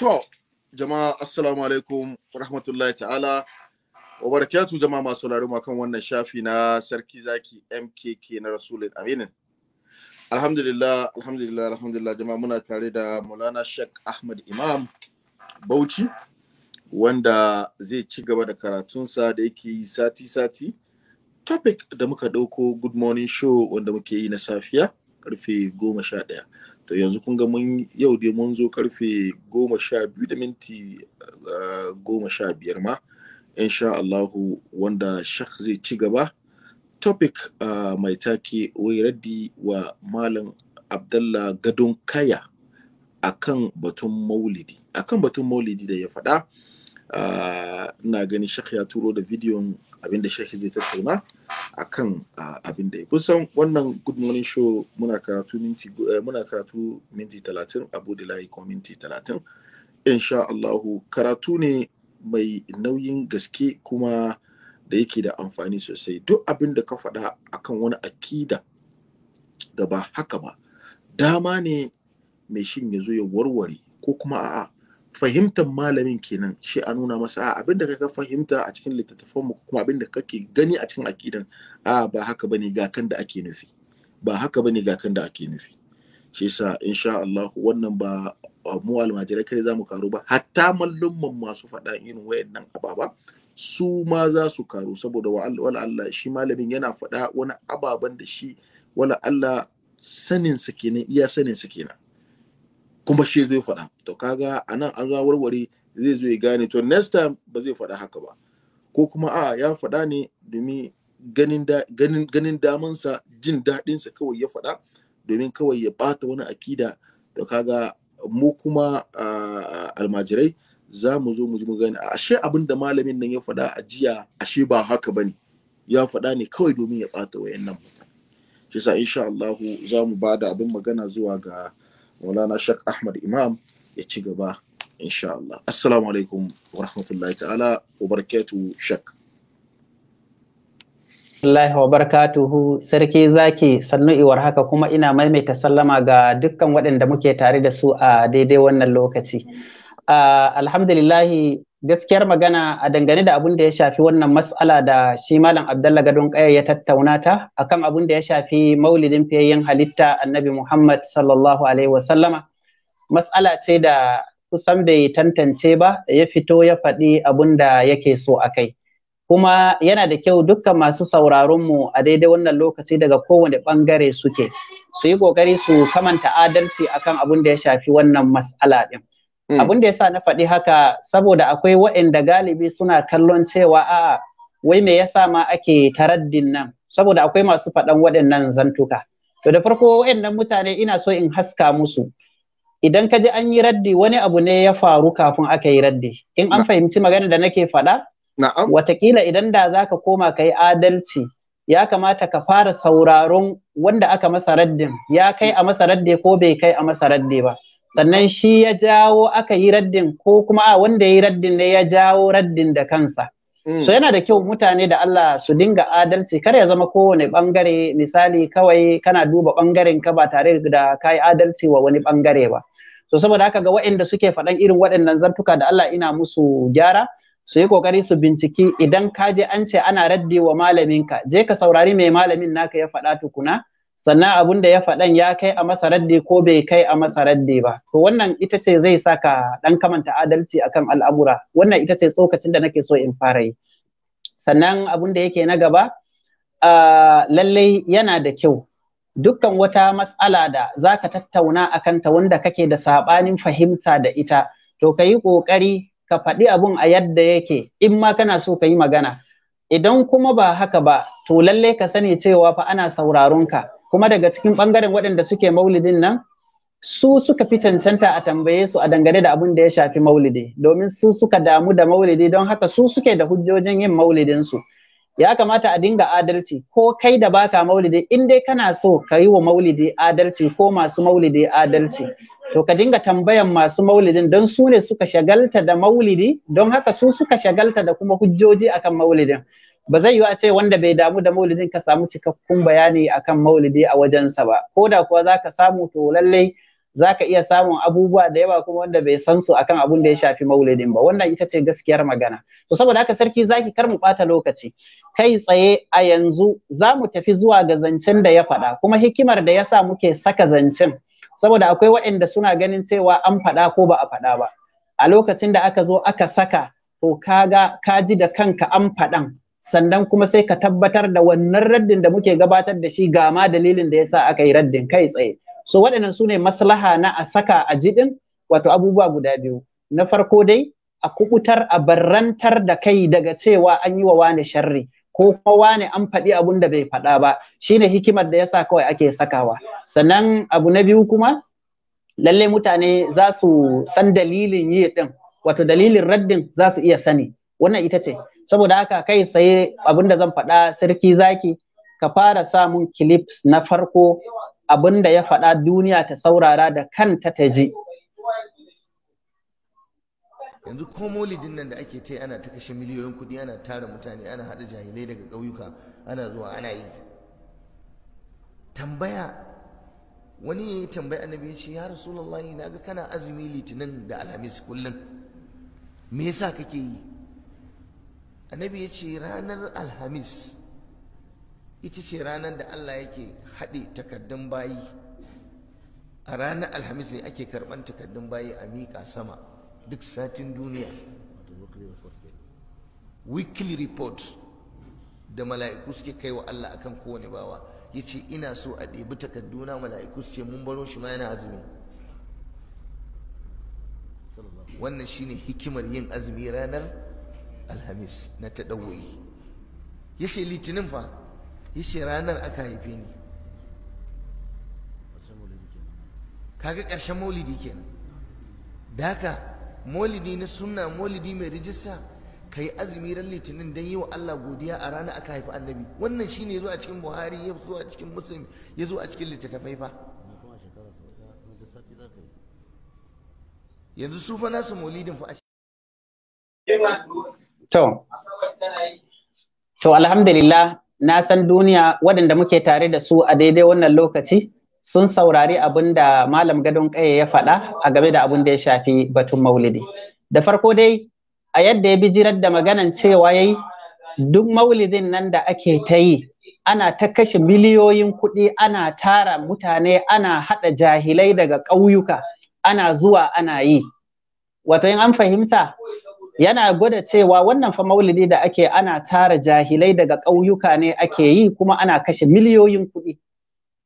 To, jama'a assalamu alaikum rahmatullahi ta'ala. Wa barakatu jama'a masu laruma kan wannan shafi na sarki zaki MKK na Rasulun Aminin. Alhamdulillah, alhamdulillah, alhamdulillah jama'a muna tare da mulana shek Ahmad Imam Bauchi wanda zai ci gaba da karatunsa da yake yi sati-sati. Topic da muka ɗauko Good Morning Show wanda muke yi na safiya karfe goma sha ɗaya. yanzu kun ga mun yau dai mun zo karfe goma sha biyu da minti eh, goma sha biyar ma insha Allahu wanda shak zai ci gaba topic eh, mai take wai raddi wa malam abdallah gadon kaya akan batun maulidi akan batun maulidi da ya faɗa eh, ina gani shak ya turo da bidiyon abinda shehi zai tattauna a kan abinda ya kusan wannan good morning show muna karatu minti eh, talatin abu da layi ko minti talatin insha Allahu karatu ne mai nauyin gaske kuma da yake da amfani sosai duk abin da ka faɗa akan wani akida da ba haka ba dama ne mai shin ya zo ya warware ko kuma a'a fahimtar malamin kenan shi a nuna masa a abin da kaka fahimta a cikin littattafan kuma abin da kake gani a cikin aƙidan, a ba haka bane ga kan da ake nufi ba haka bane ga kan da ake nufi shi yasa insha Allah wannan ba mu almajirai kai zamu karu ba hatta mallumman masu faɗa irin wayannan ababa su ma za su karu saboda wala Allah shi malamin yana faɗa wani ababan da shi wala Allah saninsa kenan iya saninsa kenan kuma shi zai faɗa to kaga a nan an zuwa warware zai zo ya gane to next time ba zai faɗa haka ba ko kuma a ya faɗa ne domin ganin ganin ganin damansa jin daɗinsa kawai ya faɗa domin kawai ya bata wani akida to kaga mu kuma almajirai za mu zo mu ji mu gani ashe abin da malamin nan ya faɗa a jiya ashe ba haka ba ne? ya faɗa ne kawai domin ya ɓata wayannan mutane shi sa insha Allah za mu ba da abin magana zuwa ga maulana shak ahmad imam ya ci gaba insha Allah assalamu alaikum wa rahmatullahi ta'ala wa barakatuhu shak Allah wa barakatuhu sarki zaki sannu iwar haka kuma ina maimaita sallama ga dukkan waɗanda muke tare da su a daidai wannan lokaci. Uh, alhamdulillahi gaskiyar magana a dangane da abin da ya shafi wannan matsala da shi malam Abdullahi gadon kaya ya tattauna ta akan abin da ya shafi maulidin fiyayyen halitta annabi muhammad sallallahu alaihi wasallama matsala ce da kusan bai tantance ba ya fito ya faɗi abin da yake so a kai kuma yana da kyau dukkan masu sauraron mu a daidai wannan lokaci daga kowane bangare suke su yi ƙoƙari su kamanta adalci akan abin da ya shafi wannan matsala ɗin Mm. abin da yasa na faɗi haka saboda akwai waɗanda galibi suna kallon cewa a wai me yasa ma ake taraddin nan saboda akwai masu faɗan waɗannan zantuka to da farko waɗannan mutane ina so in haska musu idan ka ji an yi raddi wani abu ne ya faru kafin aka yi raddi in an fahimci magana da nake faɗa watakila idan da za ka koma ka yi adalci ya kamata ka fara sauraron wanda aka masa raddin ya kai a masa radde ko bai kai a masa radde ba sannan shi ya jawo aka yi raddin ko kuma a wanda ya yi raddin ne ya jawo raddin da kansa hmm. so yana da kyau mutane da Allah su dinga adalci kar ya zama kowane bangare misali kawai kana duba bangaren ka ba tare da kai adalci wa wani bangare ba so saboda haka ga waɗanda suke faɗan irin waɗannan zartuka da Allah ina musu gyara su yi kokari su binciki idan ka je an ce ana raddi wa malaminka je ka saurari mai malamin naka ya faɗa tukuna sannan abun da ya faɗan ya kai a masa radde ko bai kai a masa radde ba to wannan ita ce zai saka ɗan kamanta adalci akan al'amura wannan ita ce tsokacin da nake so in fara yi sannan abun da yake na gaba lallai yana da kyau dukkan wata matsala da za ka tattauna a kanta wanda kake da saɓanin fahimta da ita to ka yi ƙoƙari ka faɗi abun a yadda yake in ma kana so ka yi magana idan kuma ba haka ba to lallai ka sani cewa fa ana sauraron ka kuma daga cikin ɓangaren waɗanda suke maulidin nan su suka fi cancanta a tambaye su a dangane da abin da ya shafi maulidi domin su suka damu da maulidi don haka su suke da hujjojin yin maulidin su ya kamata a dinga adalci ko kai da baka maulidi in dai kana so ka yi wa maulidi adalci ko masu maulidi adalci to ka dinga tambayan masu maulidin don su ne suka shagalta da maulidi don haka su suka shagalta da kuma hujjoji akan maulidin ba zai yi a ce wanda bai damu da maulidin ka samu cikakkun bayani akan maulidi a wajensa ba ko da kuwa zaka samu to lallai zaka iya samun abubuwa da yawa kuma wanda bai san su akan abun da ya shafi maulidin ba wannan ita ce gaskiyar magana to saboda haka sarki zaki kar mu bata lokaci kai tsaye a yanzu za mu tafi zuwa ga zancen da ya faɗa kuma hikimar da yasa muke saka zancen saboda akwai waɗanda suna ganin cewa an faɗa ko ba a faɗa ba a lokacin da aka zo aka saka to kaga ka ji da kanka an faɗan sannan kuma sai ka tabbatar da wannan raddin da muke gabatar da shi ga ma dalilin da yasa aka yi raddin kai tsaye so waɗannan sune maslaha na a saka a jiɗin wato abubuwa guda biyu na farko dai a kubutar a barrantar da kai daga cewa an yi wa wani sharri ko kuma wani an faɗi abun da bai faɗa ba shine hikimar da yasa kawai ake sakawa sannan abu na biyu kuma lalle mutane za su san dalilin yi ɗin wato dalilin raddin za su iya sani wannan ita ce saboda haka kai sai da zan faɗa sarki zaki ka fara samun clips na farko abin da ya faɗa duniya ta saurara da kanta ta ji yanzu ko molidin nan da ake ta ana ta kashe miliyoyin kuɗi ana tara mutane ana haɗa jahilai daga ƙauyuka ana zuwa ana yi tambaya wani ya yi tambaya annabi ya ce ya rasulallah na ga kana azumi litinin da alhamis kullum me yasa kake yi annabi ya ce ranar alhamis ita ce ranar da Allah yake haɗe takardun bayi a ranar alhamis ne ake karɓar takardun bayi a miƙa sama duk satin duniya weekly report da mala'iku suke kai wa Allah akan kowane bawa ya ce ina so a ɗebi takarduna mala'iku su ce mun baro shi ma yana azumi wannan shine hikimar yin azumi ranar alhamis na ta ɗauwayi ya ce litinin fa ya ce ranar aka haife ni kaga ƙarshen maulidi kenan da haka maulidi na sunna maulidi mai rijista ka yi azumi ran litinin don yi wa Allah godiya a rana aka haifi annabi wannan shi ya zo a cikin buhari ya zo a cikin musulmi ya zo a cikin littattafai fa yanzu su fa nasu maulidin fa a To, to alhamdulillah na san duniya waɗanda muke tare da su a daidai wannan lokaci sun saurari abin da Malam Gadon Kaye ya faɗa a game da abin da ya shafi batun maulidi. Da farko dai, a yadda ya bijirar da maganan cewa ya yi duk maulidin nan da ake ta yi, ana ta kashe miliyoyin kuɗi, ana tara mutane, ana haɗa jahilai daga ƙauyuka, ana zuwa ana yi. Wato in an fahimta, yana gwada cewa wannan fa maulidi da ake ana tara jahilai daga ƙauyuka ne ake yi kuma ana kashe miliyoyin kuɗi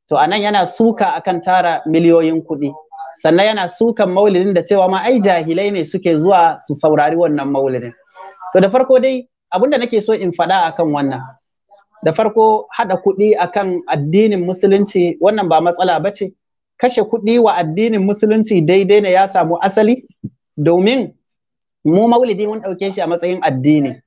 to anan yana suka akan tara miliyoyin kuɗi sannan yana sukan maulidin da cewa ma ai jahilai ne suke zuwa su saurari wannan maulidin to da farko dai abin da nake so in faɗa akan wannan da farko haɗa kuɗi akan addinin musulunci wannan ba matsala ba ce kashe kuɗi wa addinin musulunci daidai ne ya samu asali domin mu maulidi mun ɗauke shi a matsayin addini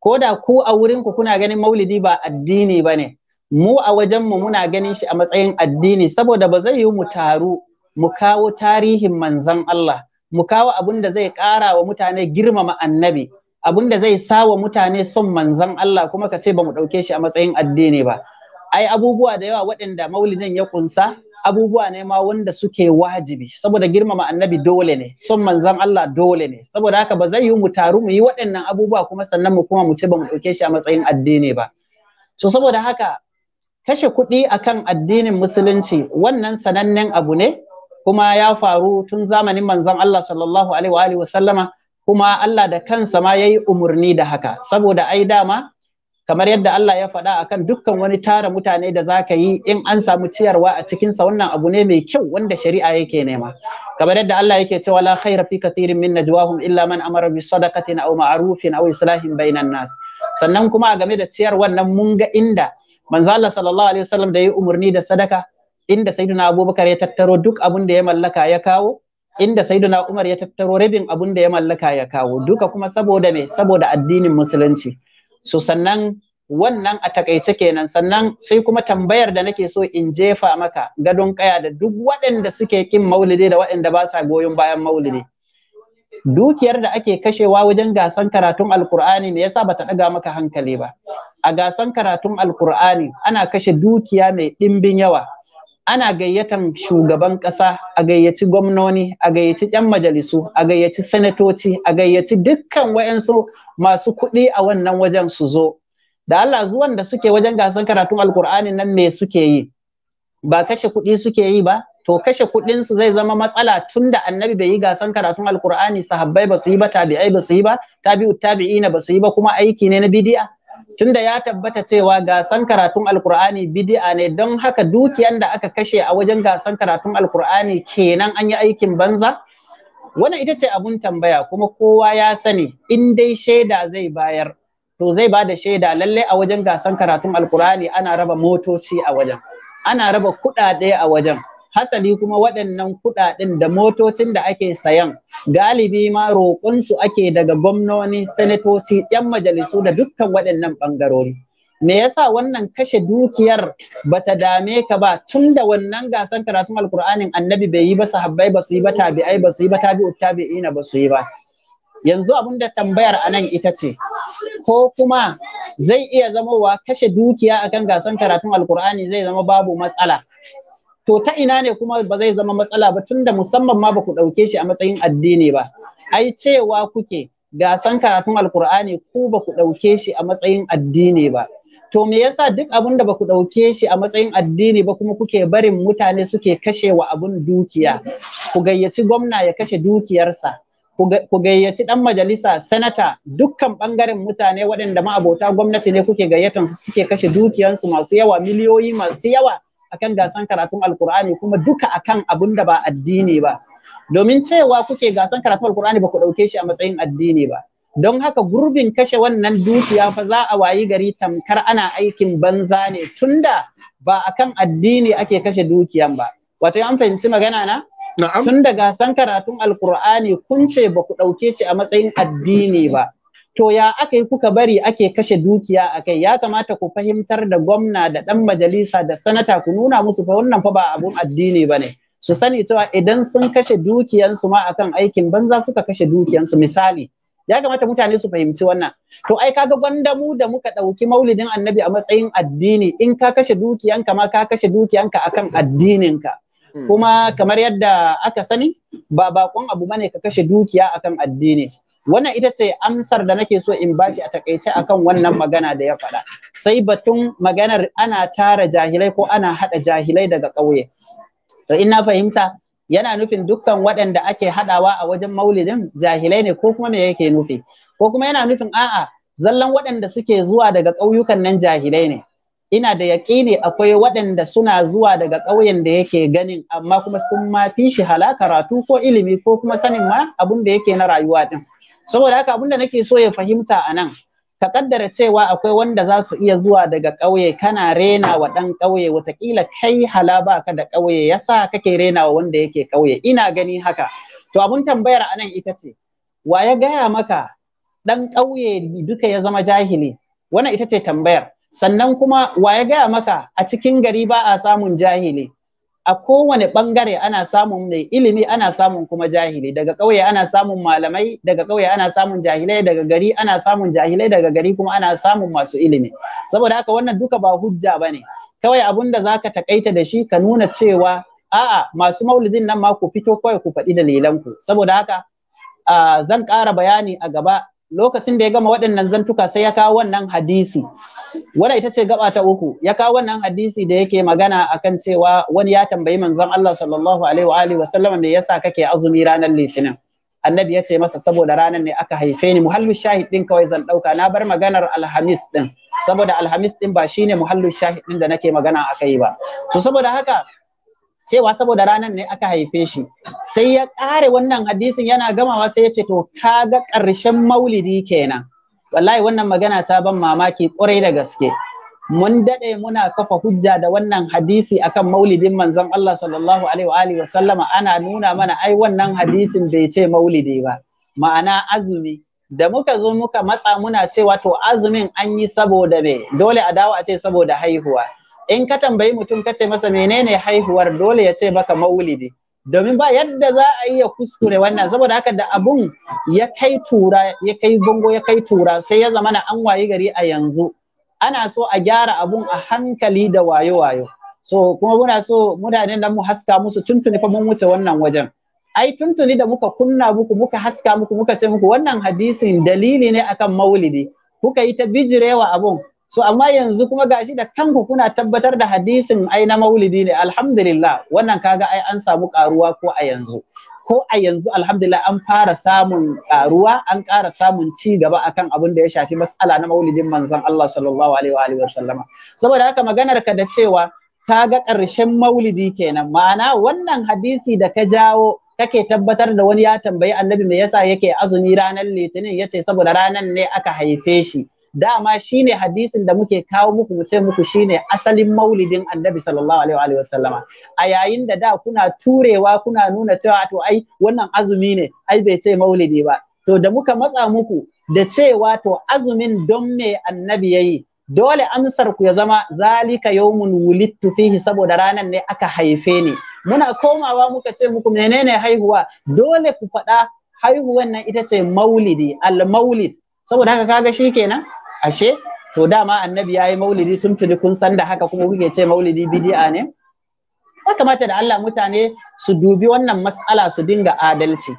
ko da ku a wurin ku kuna ganin maulidi ba addini ba ne mu a wajenmu muna ganin shi a matsayin addini saboda ba zai yi mu taru mu kawo tarihin manzon Allah mu kawo abin da zai ƙara wa mutane girmama annabi abun da zai sa wa mutane son manzon Allah kuma ka ce ba mu ɗauke shi a matsayin addini ba ai abubuwa da yawa waɗanda maulidin ya kunsa abubuwa ne ma wanda suke wajibi saboda girmama annabi dole ne son manzan Allah dole ne saboda haka ba zai yi mu taru mu yi waɗannan abubuwa kuma sannan mu kuma mu ce ba mu ɗauke shi a matsayin addini ba so saboda haka kashe kuɗi akan addinin musulunci wannan sanannen abu ne kuma ya faru tun zamanin manzon Allah sallallahu alaihi wa alihi kuma Allah da kansa ma yayi umurni da haka saboda ai dama kamar yadda Allah ya faɗa akan dukkan wani tara mutane da za ka yi in an samu ciyarwa a cikinsa wannan abu ne mai kyau wanda shari'a yake nema kamar yadda Allah yake cewa la khaira fi kathirin min najwahum illa man amara bi sadaqatin aw ma'rufin aw islahin bainan nas sannan kuma a game da ciyarwan nan mun ga inda manzo Allah sallallahu alaihi wasallam da ya umarni da sadaka inda sayyidina Abubakar ya tattaro duk abin da ya mallaka ya kawo inda sayyidina Umar ya tattaro rabin abin da ya mallaka ya kawo duka kuma saboda me saboda addinin musulunci so sannan wannan a takaice kenan sannan sai kuma tambayar da nake so in jefa maka gadon kaya da duk waɗanda suke kin maulidi da waɗanda ba sa goyon bayan maulidi dukiyar da ake kashewa wajen gasan karatun alkur'ani me yasa bata ɗaga maka hankali ba a gasan karatun alkur'ani ana kashe dukiya mai ɗimbin yawa ana gayyatan shugaban ƙasa a gayyaci gwamnoni a gayyaci 'yan majalisu a gayyaci sanatoci a gayyaci dukkan wayansu masu kuɗi a wannan wajen su zo da Allah zuwan da suke wajen gasan karatun alkur'ani nan me suke yi ba kashe kuɗi suke yi ba to kashe kuɗin su zai zama matsala tunda annabi bai yi gasan karatun alkur'ani sahabbai ba su yi ba tabi'ai ba su yi ba tabi'u tabi'ina ba su yi ba kuma aiki ne na bidi'a tunda ya tabbata cewa gasan karatun alkur'ani bidi'a ne don haka dukiyan da aka kashe a wajen gasan karatun alkur'ani kenan an yi aikin banza wannan ita ce abun tambaya kuma kowa ya sani in dai shaida zai bayar to zai ba da shaida lalle a wajen gasan karatun alkurani ana raba motoci a wajen ana raba kuɗaɗe a wajen hasali kuma waɗannan kuɗaɗen da motocin da ake sayan galibi ma roƙonsu ake daga gwamnoni sanatoci 'yan majalisu da dukkan waɗannan ɓangarori me yasa wannan kashe dukiyar bata dame ka ba tun da wannan gasan karatun alkur'anin annabi bai yi ba sahabbai ba su yi ba tabi'ai ba su yi ba Tabi'u, tabi'ina ba su yi ba yanzu abin da tambayar anan ita ce ko kuma zai iya zamowa kashe dukiya akan gasan karatun alkur'ani zai zama babu matsala to ta ina ne kuma ba zai zama matsala ba tunda musamman ma ba ku ɗauke shi a matsayin addini ba ai cewa kuke gasan karatun alkur'ani ku ba ku ɗauke shi a matsayin addini ba to me yasa duk abin da baku ɗauke shi a matsayin addini ba kuma kuke barin mutane suke kashe wa abun dukiya ku gayyaci gwamna ya kashe dukiyarsa ku gayyaci ɗan majalisa sanata dukkan bangaren mutane waɗanda abota gwamnati ne kuke gayyatan su suke kashe dukiyansu masu yawa miliyoyi masu yawa akan gasan karatun alkur'ani kuma duka akan abun da ba addini ba domin cewa kuke gasan karatun alkur'ani ba ku ɗauke shi a matsayin addini ba don haka gurbin kashe wannan dukiya fa za a wayi gari tamkar ana aikin banza ne tunda ba kan addini ake kashe dukiyan ba wato an fahimci magana na Tun da gasan karatun Alkur'ani kun ce ba ku ɗauke shi a matsayin addini ba. To ya aka yi kuka bari ake kashe dukiya a kai ya kamata ku fahimtar da gwamna da ɗan majalisa da sanata ku nuna musu fa wannan fa ba abun addini ba ne. Su sani cewa idan sun kashe dukiyansu ma akan aikin banza suka kashe dukiyansu misali. ya kamata mutane su fahimci wannan to ai kaga gwanda mu da muka ɗauki maulidin annabi a matsayin addini in ka kashe dukiyanka ma ka kashe dukiyanka akan addininka hmm. kuma kamar yadda aka sani ba bakon abu bane ka kashe dukiya akan addini wannan ita ce amsar da nake so in bashi a takaice akan wannan magana da ya faɗa sai batun maganar ana tara jahilai ko ana haɗa jahilai daga ƙauye to in na fahimta yana nufin dukkan waɗanda ake haɗawa a wajen maulidin jahilai ne ko kuma me yake nufi ko kuma yana nufin a'a zallan waɗanda suke zuwa daga ƙauyukan nan jahilai ne ina da yaƙini akwai waɗanda suna zuwa daga ƙauyen da yake ganin amma kuma sun ma fi shi hala karatu ko ilimi ko kuma sanin ma abun da yake na rayuwa din saboda haka abin da nake so ya fahimta a nan ka kaddara cewa akwai wanda za su iya zuwa daga ƙauye kana rena wa ɗan ƙauye Wataƙila kai hala ba ka da ƙauye ya sa kake rena wa wanda yake ƙauye ina gani haka to abun tambayar anan ita ce wa ya gaya maka ɗan ƙauye duka ya zama jahili wannan ita ce tambayar sannan kuma wa ya gaya maka a cikin gari ba a samun jahili a kowane bangare ana samun mai ilimi ana samun kuma jahili daga ƙauye ana samun malamai daga ƙauye ana samun jahilai daga gari ana samun jahilai daga gari kuma ana samun masu ilimi saboda haka wannan duka ba hujja bane kawai abun da zaka takaita da shi ka nuna cewa a'a masu maulidin nan ma ku fito kawai ku faɗi dalilan ku saboda haka zan ƙara bayani a gaba lokacin da ya gama waɗannan zantuka sai ya kawo wannan hadisi wadda ita ce gaba ta uku ya kawo wannan hadisi da yake magana akan cewa wani ya tambayi manzon Allah sallallahu alaihi wa alihi wa sallam me yasa kake azumi ranar litinin annabi ya ce masa saboda ranar ne aka haife ni muhallu shahid din kawai zan dauka na bar maganar alhamis din saboda alhamis din ba shine muhallu shahid din da nake magana akai ba to saboda haka cewa saboda ranar ne aka haife shi sai ya ƙare wannan hadisin yana gamawa sai ya ce to kaga ƙarshen maulidi kenan wallahi wannan magana ta ban mamaki ƙwarai da gaske mun daɗe muna kafa hujja da wannan hadisi akan maulidin manzon Allah sallallahu alaihi wa alihi sallama ana nuna mana ai wannan hadisin bai ce maulidi ba ma'ana azumi da muka zo muka matsa muna cewa to azumin an yi saboda me dole a dawo a ce saboda haihuwa in ka tambayi mutum ka ce masa menene haihuwar dole ya ce maka maulidi domin ba yadda za a iya kuskure wannan saboda haka da abun ya kai tura ya kai bango ya kai tura sai ya zama na an wayi gari a yanzu ana so a gyara abun a hankali da wayo-wayo so kuma muna so mutanen nan mu haska musu tuntuni fa mun wuce wannan wajen ai tuntuni da muka kunna muku muka haska muku muka ce muku wannan hadisin dalili ne akan maulidi kuka yi ta bijirewa abun so amma yanzu kuma gashi da kanku kuna tabbatar da hadisin ai na maulidi ne alhamdulillah wannan kaga ai an samu karuwa ko a yanzu ko a yanzu alhamdulillah an fara samun karuwa an ƙara samun ci gaba akan abin da ya shafi mas'ala na maulidin manzon Allah sallallahu alaihi wa alihi wa sallama saboda haka maganar ka da cewa ka ga ƙarshen maulidi kenan ma'ana wannan hadisi da ka jawo kake tabbatar da wani ya tambayi annabi me yasa yake azumi ranar litinin yace saboda ranan ne aka haife shi dama shine hadisin da muke kawo muku mu ce muku shine asalin maulidin annabi sallallahu alaihi wa sallama a yayin da da kuna turewa kuna nuna cewa to ai wannan azumi ne ai bai ce maulidi ba to da muka matsa muku da cewa to azumin don me annabi yayi dole amsar ku ya zama zalika yawmun wulidtu fihi saboda ranan ne aka haife ni muna komawa muka ce muku menene haihuwa dole ku faɗa haihuwan nan ita ce maulidi al maulid saboda haka kaga kenan. ashe to dama annabi ya yi maulidi tuntuni kun san da haka kuma kuke ce maulidi bidi'a ne ya kamata da Allah mutane su dubi wannan mas'ala su dinga adalci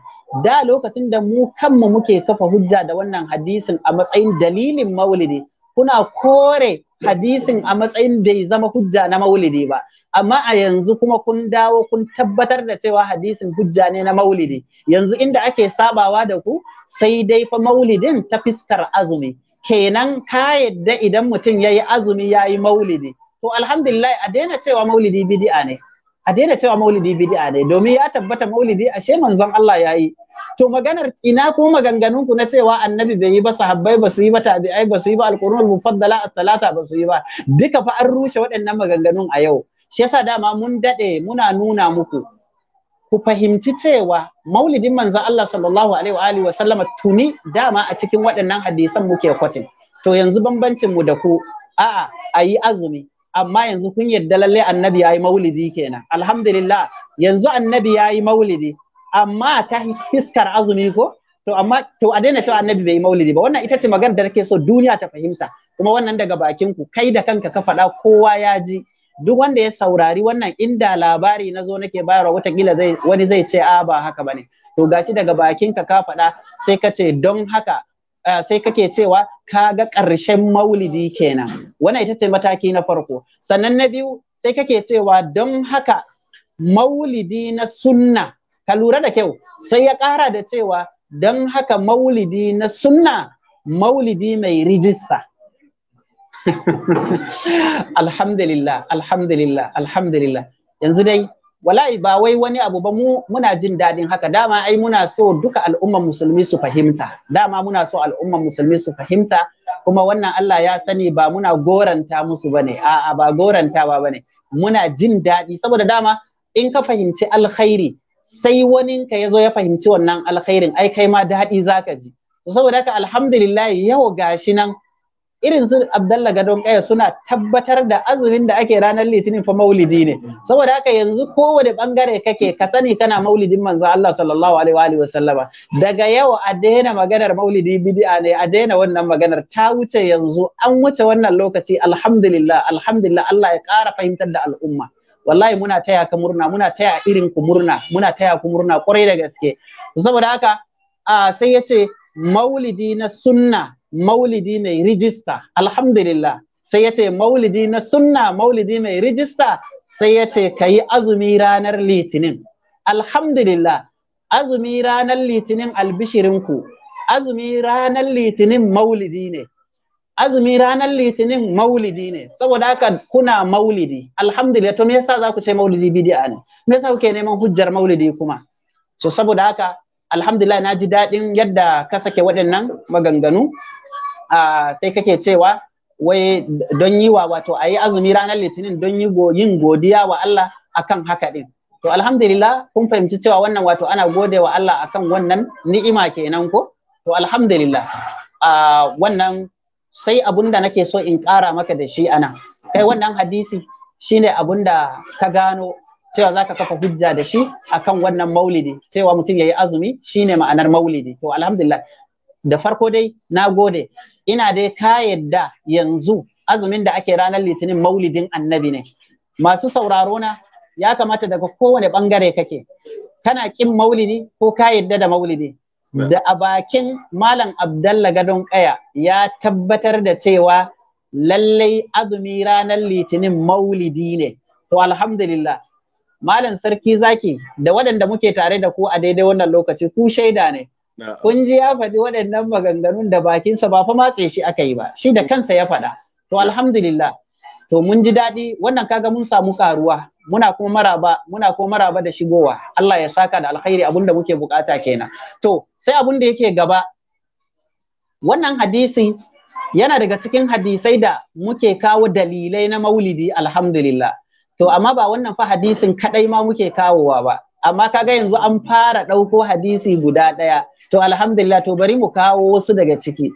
da lokacin da mu kanmu muke kafa hujja da wannan hadisin a matsayin dalilin maulidi kuna kore hadisin a matsayin bai zama hujja na maulidi ba amma a yanzu kuma kun dawo kun tabbatar da cewa hadisin hujja ne na maulidi yanzu inda ake sabawa da ku sai dai fa maulidin ta fiskar azumi kenan ka yadda idan mutum ya yi azumi ya yi maulidi to alhamdulillah a daina cewa maulidi bid'a ne a daina cewa maulidi bid'a ne domin ya tabbata maulidi ashe manzon Allah ya yi to maganar ina ko maganganun ku na cewa annabi bai yi ba sahabbai ba su yi ba tabi'ai ba su yi ba alqur'anul mufaddala at-talata ba su yi ba duka fa an rushe waɗannan maganganun a yau shi yasa dama mun daɗe muna nuna muku ku fahimci cewa maulidin manza Allah sallallahu alaihi wa sallama tuni dama a cikin waɗannan hadisan muke kwatin to yanzu bambancin mu da ku a'a ayi azumi amma yanzu kun yadda lalle annabi yayi maulidi kenan alhamdulillah yanzu annabi yayi maulidi amma ta fiskar azumi ko to amma to a daina cewa annabi bai maulidi ba wannan ita ce magana da nake so duniya ta fahimta kuma wannan daga bakin ku kai da kanka ka faɗa kowa ya ji duk wanda ya saurari wannan inda labari na zo nake bayarwa watakila zai wani zai ce a ba haka bane to gashi daga bakin ka faɗa sai ka ce don haka eh, sai kake cewa ka ga ƙarshen maulidi kenan wannan ita ce mataki na farko sannan na biyu sai kake cewa don haka maulidi na sunna ka lura da kyau sai ya ƙara da cewa don haka maulidi na sunna maulidi mai rijista alhamdulillah alhamdulillah alhamdulillah yanzu dai wallahi ba wai wani abu ba mu muna jin dadin haka dama ai muna so duka al'umman musulmi su fahimta dama muna so al'umman musulmi su fahimta kuma wannan Allah ya sani ba muna goranta musu bane a'a ba goranta ba bane muna jin daɗi saboda dama in ka fahimci alkhairi sai waninka ya zo ya fahimci wannan alkhairin ai kai ma daɗi zaka ji saboda haka alhamdulillah yau gashi nan irin su Abdalla Gadon Kaya suna tabbatar da azumin da ake ranar Litinin fa maulidi ne saboda haka yanzu kowane bangare kake ka sani kana maulidin manzo Allah sallallahu alaihi wa sallama daga yau a daina maganar maulidi bid'a ne a daina wannan maganar ta wuce yanzu an wuce wannan lokaci alhamdulillah alhamdulillah Allah ya ƙara fahimtar da al'umma wallahi muna taya ka murna muna taya irin ku murna muna taya ku murna kwarai da gaske saboda haka sai yace maulidi na sunna maulidi mai rijista alhamdulillah sai ya ce maulidi na sunna maulidi mai rijista sai ya ce ka yi azumi ranar litinin alhamdulillah azumi ranar litinin albishirinku azumi ranar litinin maulidi ne azumi ranar litinin maulidi ne saboda haka kuna maulidi alhamdulillah to me yasa za ku ce maulidi bid'a ne me yasa kuke neman hujjar maulidi kuma so saboda haka alhamdulillah na ji daɗin yadda ka sake waɗannan maganganu sai kake cewa wai don yi wa wato a yi azumi ranar litinin don yi yin godiya wa Allah akan haka ɗin to alhamdulillah kun fahimci cewa wannan wato ana gode wa Allah akan wannan ni'ima kenan ko to alhamdulillah wannan sai abunda nake so in ƙara maka da shi ana kai wannan hadisi shine abun da ka gano cewa zaka kafa hujja da shi akan wannan maulidi cewa mutum yayi azumi shine ma'anar maulidi to alhamdulillah da farko dai na gode ina dai ka yadda yanzu azumin da ake ranar litinin maulidin annabi ne masu sauraro na ya kamata daga kowane bangare kake kana kin maulidi ko ka yadda da maulidi da a bakin malam abdalla gadon kaya ya tabbatar da cewa lallai azumi ranar litinin maulidi ne to alhamdulillah Malam Sarki Zaki da waɗanda muke tare da ku a daidai wannan lokaci ku shaida ne. Kun ji ya faɗi waɗannan maganganun da bakinsa ba fa matse shi aka yi ba, shi da kansa ya faɗa. To alhamdulillah. To mun ji daɗi wannan kaga mun samu karuwa muna kuma maraba muna kuma maraba da shigowa Allah ya saka da alkhairi abinda muke bukata kenan to sai abin da yake gaba wannan hadisi yana daga cikin hadisai da muke kawo dalilai na maulidi alhamdulillah to amma ba wannan fa hadisin kadai ma muke kawowa ba amma kaga yanzu an fara ɗauko hadisi guda ɗaya to alhamdulillah to bari mu kawo wasu daga ciki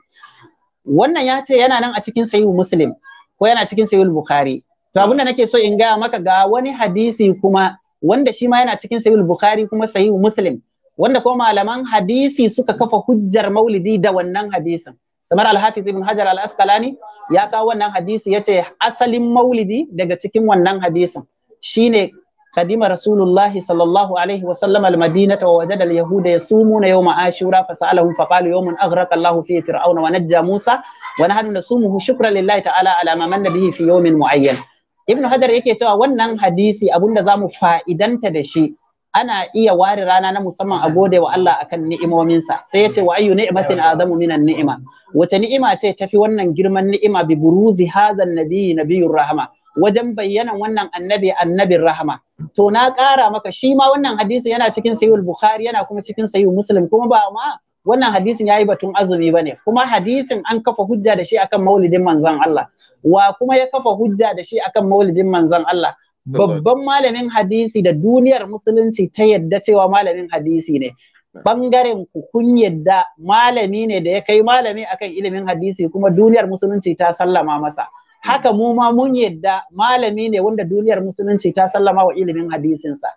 wannan ya ce yana nan a cikin sahihu muslim ko yana cikin sahihu bukhari to abinda nake so in gaya maka ga wani hadisi kuma wanda shi ma yana cikin sahihu bukhari kuma sahihu muslim wanda ko malaman hadisi suka kafa hujjar maulidi da wannan hadisin kamar alhafiz ibn hajar al-asqalani ya kawo wannan hadisi yace asalin maulidi daga cikin wannan hadisin shine kadima rasulullahi sallallahu alaihi wa sallam al-madinata wa wajada al-yahuda yasumuna yawma ashura fa sa'alahum fa qalu yawmun aghraqa Allah fi fir'auna wa najja Musa wa nahnu nasumuhu shukran lillahi ta'ala ala ma manna bihi fi yawmin mu'ayyan ibn hajar yake cewa wannan hadisi abunda zamu fa'idanta da shi ana iya ware rana na musamman a gode wa Allah akan ni'imominsa sai yace wa ayyu ni'matin azamu minan ni'ima wace ni'ima ce tafi wannan girman ni'ima bi buruzi hazan nabiyyi nabiyur rahama wajen bayyana wannan annabi annabin rahama to na kara maka shi ma wannan hadisin yana cikin al bukhari yana kuma cikin sayyid muslim kuma ba ma wannan hadisin yayi batun azumi bane kuma hadisin an kafa hujja da shi akan maulidin manzon Allah wa kuma ya kafa hujja da shi akan maulidin manzon Allah babban malamin hadisi da duniyar musulunci ta yadda cewa malamin hadisi ne bangaren ku kun yadda malami ne da ya kai malami akan ilimin hadisi kuma duniyar musulunci ta sallama masa haka mu ma mun yadda malami ne wanda duniyar musulunci ta sallama wa ilimin hadisinsa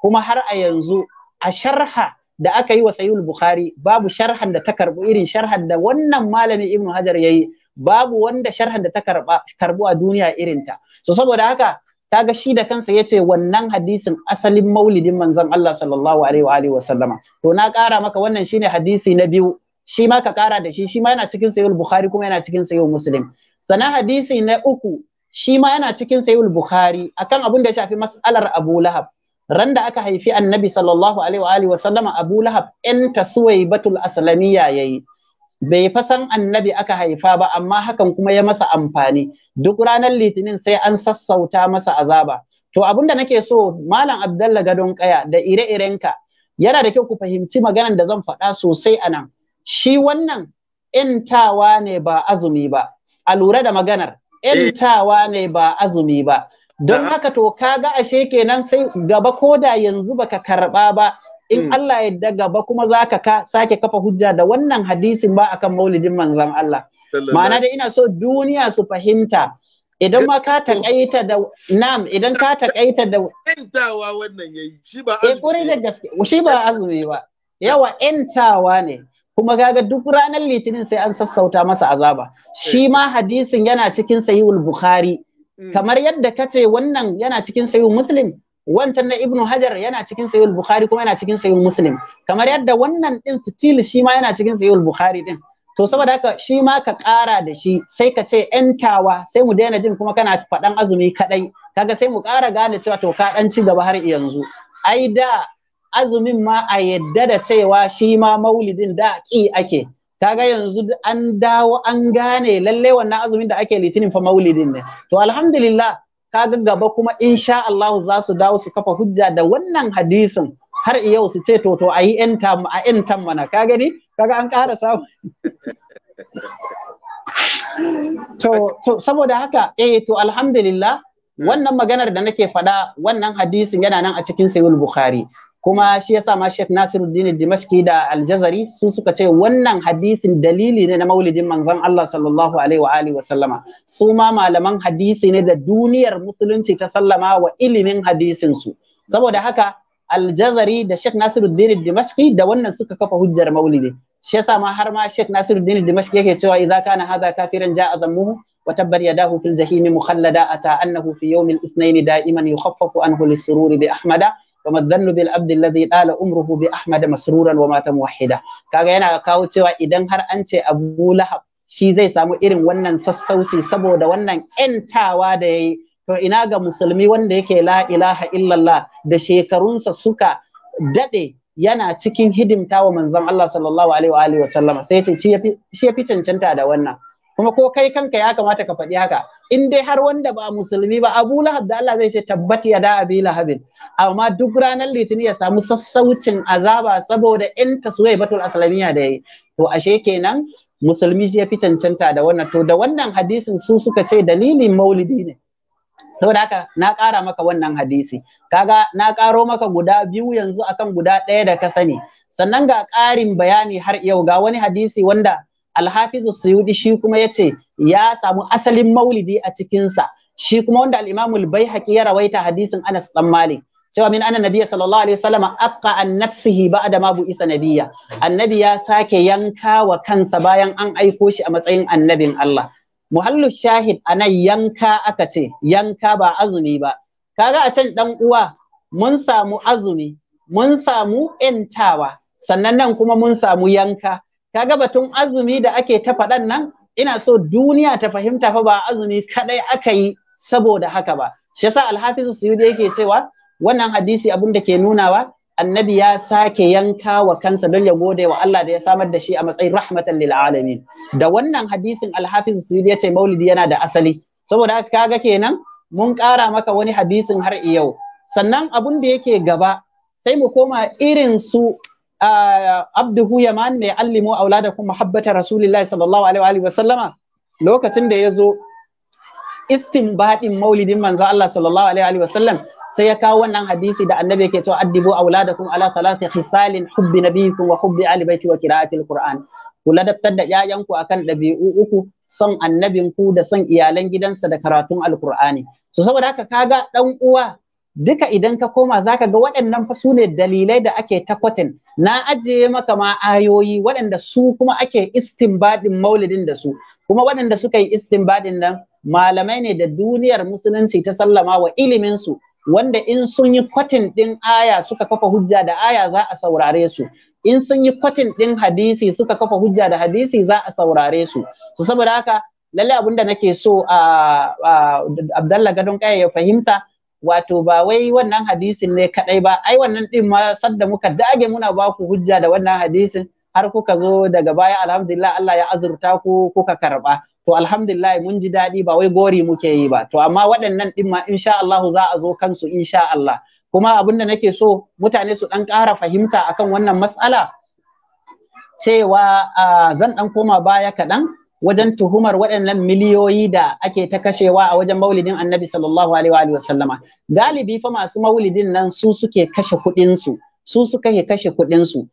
kuma har a yanzu a sharha da aka yi wa sayul bukhari babu sharhan da ta karbu irin sharhan da wannan malami ibnu hajar yayi babu wanda sharhan da ta karba karbu a duniya irinta so saboda haka kaga shi da kansa yace wannan hadisin asalin maulidin manzon Allah sallallahu alaihi wa alihi wasallama to na kara maka wannan shine hadisi na biyu shi ma ka kara da shi shi ma yana cikin sayyul bukhari kuma yana cikin sayyul muslim sana hadisi na uku shi ma yana cikin sayyul bukhari akan abin da ya shafi mas'alar Abu Lahab ran da aka haifi annabi sallallahu alaihi wa alihi wasallama Abu Lahab ƴan tasuwaibatul aslamiyya yayi bai fa san annabi aka haifa ba amma hakan kuma ya masa amfani duk ranar litinin sai an sassauta masa azaba to abinda nake so malam abdalla gadon kaya da ire-irenka yana da kyau ku fahimci maganar da zan faɗa sosai a nan shi wannan ‘yantawa ne ba azumi ba a lura da maganar ‘yantawa ne ba azumi ba don haka to kaga ashe kenan sai gaba ko da yanzu baka karɓa ba in mm. Allah ya gaba kuma za ka sake kafa hujja da wannan hadisin ba akan maulidin manzon Allah ma'ana da ina so duniya su fahimta idan ma ka takaita da nam idan ka takaita da intawa wannan yayi shi ba eh, azumi eh da gaske shi ba azumi ba yawa entawa ne kuma kaga duk ranar litinin sai an sassauta masa azaba shi eh. ma hadisin yana cikin sahihul bukhari mm. kamar yadda kace wannan yana cikin sahihul muslim wancan na ibnu hajar yana cikin sahihul bukhari kuma yana cikin sahihul muslim kamar yadda wannan din sitil shi ma yana cikin sahihul bukhari din to saboda haka shi ma ka kara da shi sai ka ce ‘yantawa sai mu daina jin kuma kana faɗan azumi kaɗai kaga sai mu kara gane cewa to ka ɗan ci gaba har yanzu ai da azumin ma a yadda da cewa shi ma maulidin da ƙi ake kaga yanzu an dawo an gane lalle wannan azumin da ake litinin fa maulidin ne to alhamdulillah kaga gaba kuma insha Allah za su dawo su kafa hujja da wannan hadisin har yau su ce to a yi a yantan mana ka gani kaga an ƙara samu to, to saboda haka eh to alhamdulillah hmm. wannan maganar da nake faɗa wannan hadisin yana nan a cikin Sayyid bukhari kuma shi yasa ma Sheikh Nasiruddin Dimashqi da Aljazari su suka ce wannan hadisin dalili ne na maulidin manzon Allah sallallahu alaihi wa alihi wa sallama su ma malaman hadisi ne da duniyar musulunci ta sallama wa ilimin hadisin su saboda haka Aljazari da Sheikh Nasiruddin Dimashqi da wannan suka kafa hujjar maulidi shi yasa ma har ma Sheikh Nasiruddin Dimashqi yake cewa idza kana hadha kafiran ja'a zammuhu وتبر يداه في الجحيم مخلدا أتى أنه في يوم الاثنين دائما يخفف sururi, bi Ahmada." kuma dhannu bil abdi alladhi dala umruhu bi ahmad masruran wa mata muwahhida kaga yana kawo cewa idan har an ce abu lahab shi zai samu irin wannan sassauci saboda wannan ‘yantawa da yayi to ina ga musulmi wanda yake la ilaha illallah da shekarunsa suka dade, yana cikin hidimta wa manzon Allah sallallahu alaihi wa sallama sai ya ce shi ya fi cancanta da wannan kuma ko kai kanka ya kamata ka faɗi haka in dai har wanda ba musulmi ba Abu Lahab da Allah zai ce tabbati ya da Abi Lahabin amma duk ranar Litinin ya samu sassaucin azaba saboda in batul aslamiyya da yayi to ashe kenan musulmi shi ya fi cancanta da wannan to da wannan hadisin su suka ce dalilin maulidi ne saboda haka na kara maka wannan hadisi kaga na karo maka guda biyu yanzu akan guda ɗaya da ka sani sannan ga karin bayani har yau ga wani hadisi wanda alhafizu suyudi shi kuma yace ya samu asalin maulidi a cikinsa shi kuma wanda al bai al-baihaqi ya rawaita hadisin anas dan malik cewa min anna nabiyya sallallahu alaihi wasallam aqqa an nafsihi ba'da ma bu'itha nabiyya annabi ya sake yanka wa kansa bayan an aiko shi a matsayin annabin Allah muhallu shahid anan yanka aka ce yanka ba azumi ba kaga a can dan uwa mun samu azumi mun samu ‘yantawa, sannan nan kuma mun samu yanka, kaga batun azumi da ake ta faɗan nan ina so duniya ta fahimta fa ba azumi kadai aka yi saboda haka ba shi yasa alhafiz suyudi yake cewa wannan hadisi abin da ke nunawa annabi ya sake yanka wa kansa don ya gode wa Allah da ya samar da shi a matsayin rahmatan lil alamin da wannan hadisin alhafiz suyudi ya ce maulidi yana da asali saboda haka kaga kenan mun ƙara maka wani hadisin har yau sannan abun da yake gaba sai mu koma irin su abduhu yaman mai allimo auladakum muhabbatar rasulillahi sallallahu alaihi wa sallama lokacin da ya zo istinbadin maulidin manzo Allah sallallahu alaihi wa sallam sai ya kawo wannan hadisi da annabi yake cewa addibu auladakum ala salati khisalin hubbi nabiyikum wa hubbi ali baiti wa qira'ati alquran ku ladabtar da yayanku akan dabi'u uku son annabinku da son iyalan gidansa da karatun alqur'ani so saboda haka kaga dan uwa duka idan ka koma zaka ga waɗannan fa su dalilai da ake ta kwatin na ajiye maka ma ayoyi waɗanda su kuma ake istinbadin maulidin da su kuma waɗanda suka yi istinbadin nan malamai ne da duniyar musulunci ta sallama wa ilimin su wanda in sun yi kwatin ɗin aya suka kafa hujja da aya za a saurare su in sun yi kwatin ɗin hadisi suka kafa hujja da hadisi za a saurare su so saboda haka lallai abinda da nake so a ah, ah, Abdallah Gadon Kaya ya fahimta wato ba wai wannan hadisin ne kadai ba ai wannan din ma sadda muka dage muna ba ku hujja da wannan hadisin har kuka zo daga baya alhamdulillah Allah ya azurta ku kuka karba to alhamdulillah mun ji dadi ba wai gori muke yi ba to amma waɗannan din ma insha Allah za a zo kansu insha Allah kuma abin da nake so mutane su dan ƙara fahimta akan wannan matsala cewa ah, zan dan koma baya kaɗan wajen tuhumar waɗannan miliyoyi da ake ta kashewa a wajen maulidin annabi sallallahu alaihi wa sallama galibi fa masu maulidin nan su suke kashe kuɗinsu su su suka kashe kuɗinsu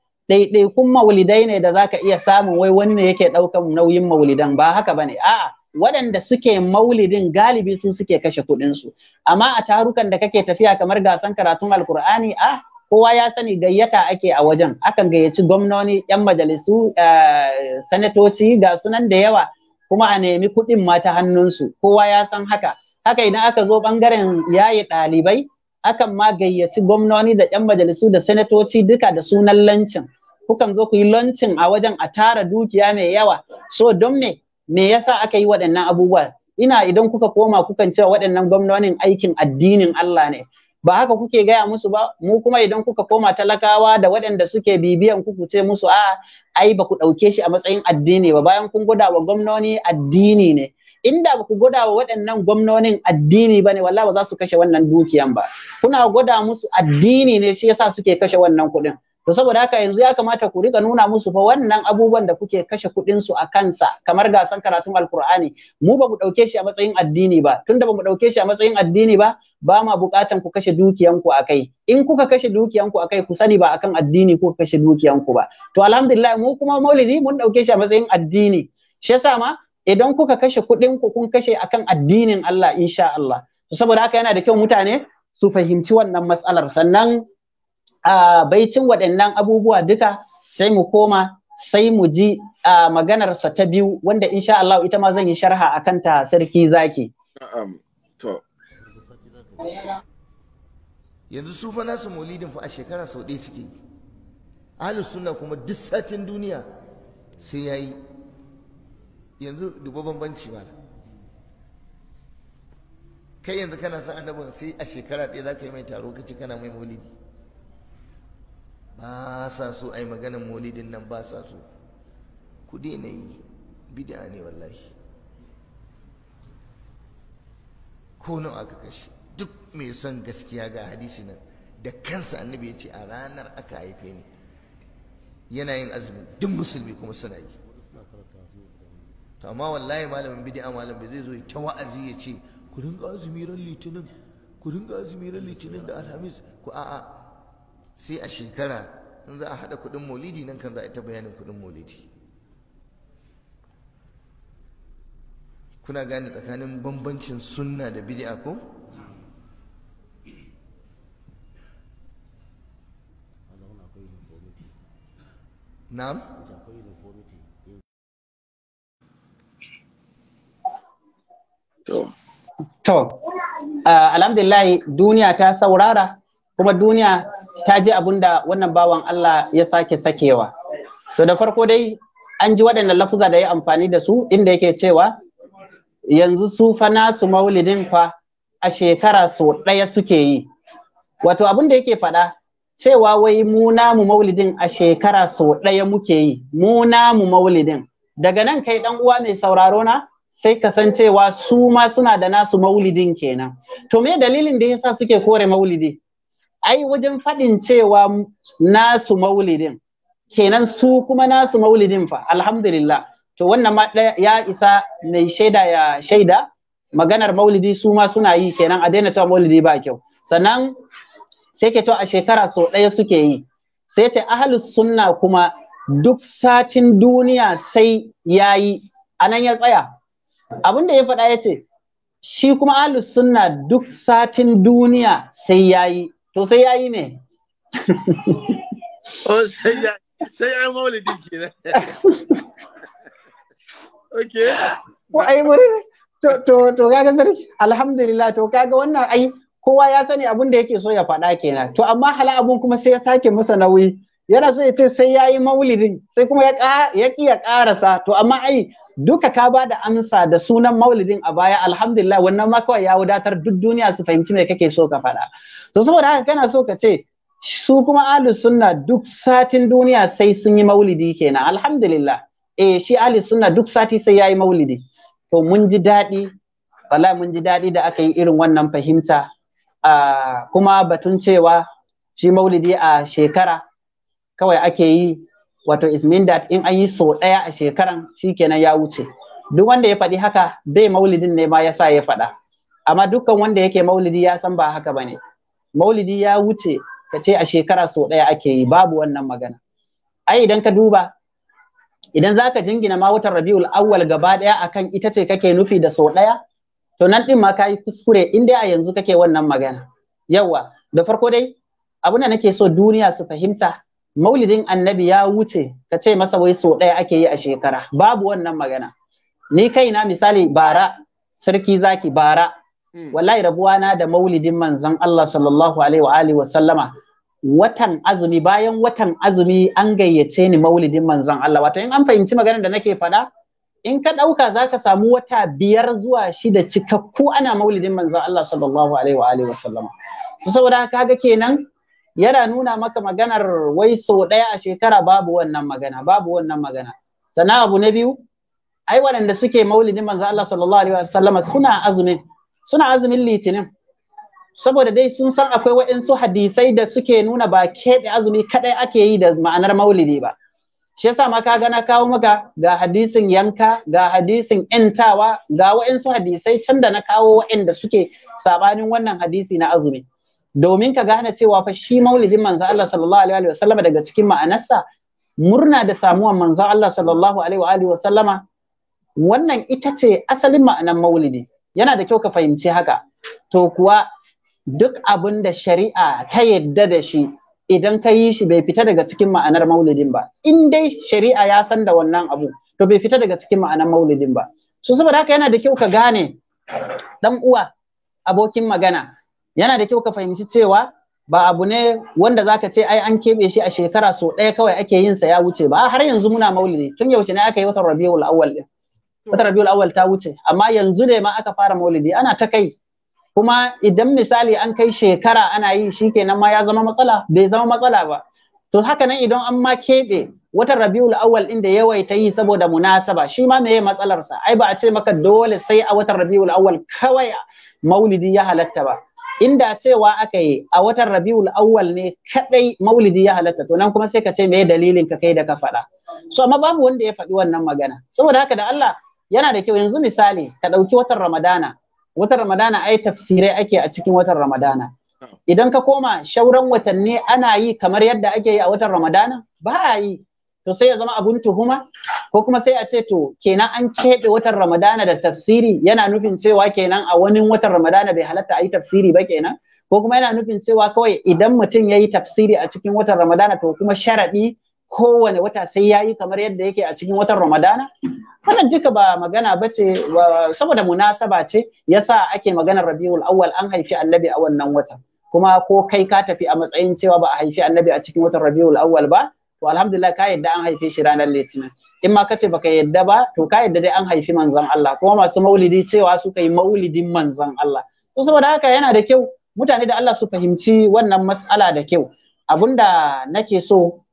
kun maulidai ne da zaka iya samun wai wani ne yake ɗaukan nauyin maulidan ba haka bane a'a waɗanda suke maulidin galibi su suke kashe kuɗinsu amma a tarukan da kake tafiya kamar gasan karatun alkur'ani a ah, kowa ya sani gayyata ake a wajen akan gayyaci gwamnoni yan majalisu eh, sanatoci ga sunan da yawa kuma a nemi kuɗin ma ta hannunsu kowa ya san haka haka idan aka zo bangaren yaye ɗalibai akan ma gayyaci gwamnoni da yan majalisu da sanatoci duka da sunan lancin kukan zo ku yi lancin a wajen a tara dukiya mai yawa so don me me yasa aka yi waɗannan abubuwa ina idan kuka koma kukan cewa waɗannan gwamnonin aikin addinin Allah ne ba haka kuke gaya musu ba mu kuma idan kuka koma talakawa da waɗanda suke bibiyan ku ce musu a ai ba ku ɗauke shi a matsayin addini ba bayan kun gwada wa gwamnoni addini ne inda ba ku gwada wa waɗannan gwamnonin addini ba ne wallahi ba za su kashe wannan dukiyan ba kuna gwada musu addini ne shi yasa suke kashe wannan kuɗin to saboda haka yanzu ya kamata ku riga nuna musu fa wannan abubuwan da kuke kashe kuɗin su a kansa kamar gasan karatun alkur'ani mu ba mu ɗauke shi a matsayin addini ba tunda ba mu ɗauke shi a matsayin addini ba ba ma buƙatan ku kashe dukiyanku a kai in kuka kashe dukiyanku a kai ku sani ba akan addini kuka kashe dukiyanku ba to alhamdulillah mu kuma maulidi mun ɗauke shi a matsayin addini shi yasa ma idan kuka kashe kuɗin ku kun kashe akan addinin Allah insha Allah to saboda haka yana da kyau mutane su fahimci wannan matsalar sannan baicin waɗannan abubuwa duka sai mu koma sai mu ji maganarsa ta biyu wanda insha Allah ita ma zan yi sharha a kanta sarki zaki. Yanzu su fa nasu maulidin fa a shekara sau ɗaya suke yi. Ahlus sunna kuma duk satin duniya sai yayi. Yanzu duba bambanci ba. Kai yanzu kana san annabin sai a shekara ɗaya za ka yi mai taro ka ci kana mai maulidi. ba sa so ai maganin maulidin nan ba sa so ku daina yi bid'a ne wallahi ko nan aka kashe duk mai son gaskiya ga hadisi nan da kansa annabi ya ce a ranar aka haife ni yana yin azumi duk musulmi kuma suna yi to amma wallahi malamin bid'a malamin bai zai zo ta wa'azi ya ce ku dinga azumi ran litinin ku dinga azumi ran litinin da alhamis ku a'a sai a shekara in za a haɗa kuɗin maulidi nan kan za a ta bayanin kuɗin maulidi kuna gane tsakanin bambancin sunna da bid'a ko na'am to uh, alhamdulillah duniya ta saurara kuma duniya ta ji abin da wannan bawan Allah ya sake sakewa to da farko dai an ji waɗannan lafuza da ya amfani da su inda yake cewa yanzu su fa nasu maulidin fa a shekara so ɗaya suke yi wato abin da yake faɗa cewa wai mu namu maulidin a shekara so ɗaya muke yi mu namu maulidin daga nan kai ɗan uwa mai sauraro na sai kasancewa su ma suna da nasu maulidin kenan to me dalilin da yasa suke kore maulidi ai wajen faɗin cewa nasu maulidin kenan su kuma nasu maulidin fa alhamdulillah to wannan ma ya isa mai shaida ya shaida maganar maulidi su ma suna yi kenan a daina cewa maulidi ba kyau sannan sai ke to a shekara sau ɗaya suke yi sai ce ahalus sunna kuma duk satin duniya sai ya yi a nan ya tsaya abin da ya faɗa ya ce shi kuma ahalus sunna duk satin duniya sai ya yi to sai ya yi ne. Oh, sai ya yi maulidi kenan okay ai murin to to to kaga sarki alhamdulillah to kaga wannan ai kowa ya sani abin da yake so ya faɗa kenan to amma hala abun kuma sai ya sake masa nauyi yana so ya ce sai ya yi maulidin sai kuma ya ya ƙi ya ƙarasa to amma ai duka ka ba da amsa da sunan maulidin a baya alhamdulillah wannan ma kawai ya wadatar duk duniya su fahimci me kake so ka faɗa to saboda haka kana so ka ce su kuma ahlus sunna duk satin duniya sai sun yi maulidi kenan alhamdulillah eh shi ahlus sunna duk sati sai yayi maulidi to mun ji daɗi wallahi mun ji daɗi da aka yi irin wannan fahimta ah, kuma batun cewa shi maulidi a shekara kawai ake yi wato is mean that in an yi so ɗaya a shekaran shikenan ya wuce duk wanda ya faɗi haka bai maulidin ne ma ya sa ya faɗa amma dukkan wanda yake maulidi ya san ba haka bane maulidi ya wuce ka ce a shekara so ɗaya ake yi babu wannan magana ai idan ka duba idan zaka jingina ma watan rabiul awwal gaba ɗaya akan ita ce kake nufi da so ɗaya to nan ɗin ma kayi kuskure in dai a yanzu kake wannan magana yawa da farko dai abin da nake so duniya su fahimta maulidin annabi ya wuce ka ce masa wai sau ɗaya ake yi a shekara babu wannan magana ni kaina misali bara sarki zaki bara hmm. wallahi rabuwa na da maulidin manzon Allah sallallahu alaihi wa alihi wasallama watan azumi bayan watan azumi an gayyace ni maulidin manzon Allah wato in an fahimci maganar da nake faɗa in ka ɗauka za ka samu wata biyar zuwa shida cikakku ana maulidin manzon Allah sallallahu alaihi wa alihi wasallama saboda haka kaga kenan yana nuna maka maganar wai sau ɗaya a shekara babu wannan magana babu wannan magana sannan abu na biyu ai waɗanda suke maulidin manzo Allah sallallahu alaihi wasallam suna azumin suna azumin litinin saboda dai sun san akwai waɗansu hadisai da suke nuna ba keɓe azumi kaɗai ake yi da ma'anar maulidi ba shi yasa ma ka gana kawo maka ga hadisin yanka ga hadisin ‘yantawa ga waɗansu hadisai can da na kawo waɗanda suke sabanin wannan hadisi na azumi domin ka gane cewa fa shi maulidin manzo Allah sallallahu alaihi wa sallama daga cikin ma'anarsa murna da samuwan manzo Allah sallallahu alaihi wa sallama wannan ita ce asalin ma'anar maulidi yana da kyau ka fahimci haka to kuwa duk abin da shari'a ta yadda da shi idan ka yi shi bai fita daga cikin ma'anar maulidin ba in dai shari'a ya san da wannan abu to bai fita daga cikin ma'anar maulidin ba so saboda haka yana da kyau ka gane dan uwa abokin magana yana da kyau ka fahimci cewa ba abu ne wanda zaka ce ai an keɓe shi a shekara so ɗaya kawai ake yin sa ya wuce ba har yanzu muna maulidi tun yaushe ne aka yi watan rabiul awwal din watan rabiul awwal ta wuce amma yanzu ne ma aka fara maulidi ana ta kai kuma idan misali an kai shekara ana yi shikenan ma ya zama matsala bai zama matsala ba to haka nan idan an ma keɓe watan rabiul awwal din da yawaita yi saboda munasaba shi ma meye matsalarsa ai ba a ce maka dole sai a watan rabiul awwal kawai maulidi ya halatta ba inda cewa aka yi a watan rabiul awwal ne kadai maulidi ya halatta to nan kuma sai ka ce me dalilin ka kai da ka faɗa so amma babu wanda ya faɗi wannan magana saboda haka da Allah yana da kyau yanzu misali ka ɗauki watan ramadana watan ramadana ai tafsirai ake a cikin watan ramadana idan ka koma shauran watanni ana yi kamar yadda ake yi a watan ramadana ba a yi to sai ya zama abun tuhuma ko kuma sai a ce to kenan an keɓe watan ramadana da tafsiri yana nufin cewa kenan a wani watan ramadana bai halatta a yi tafsiri ba kenan ko kuma yana nufin cewa kawai idan mutum ya yi tafsiri a cikin watan ramadana to kuma sharaɗi kowane wata sai ya yi kamar yadda yake a cikin watan ramadana wannan duka ba magana ba ce saboda munasaba ce yasa ake maganar rabiul awwal an haifi annabi a wannan watan kuma ko kai ka tafi a matsayin cewa ba a haifi annabi a cikin watan rabiul awwal ba to alhamdulillah ka yadda an haife shi ranar litinin in ma kace baka yadda ba to ka yadda dai an haifi manzon Allah kuma masu maulidi cewa suka yi maulidin manzon Allah to saboda haka yana da kyau mutane da Allah su fahimci wannan mas'ala da kyau abunda nake so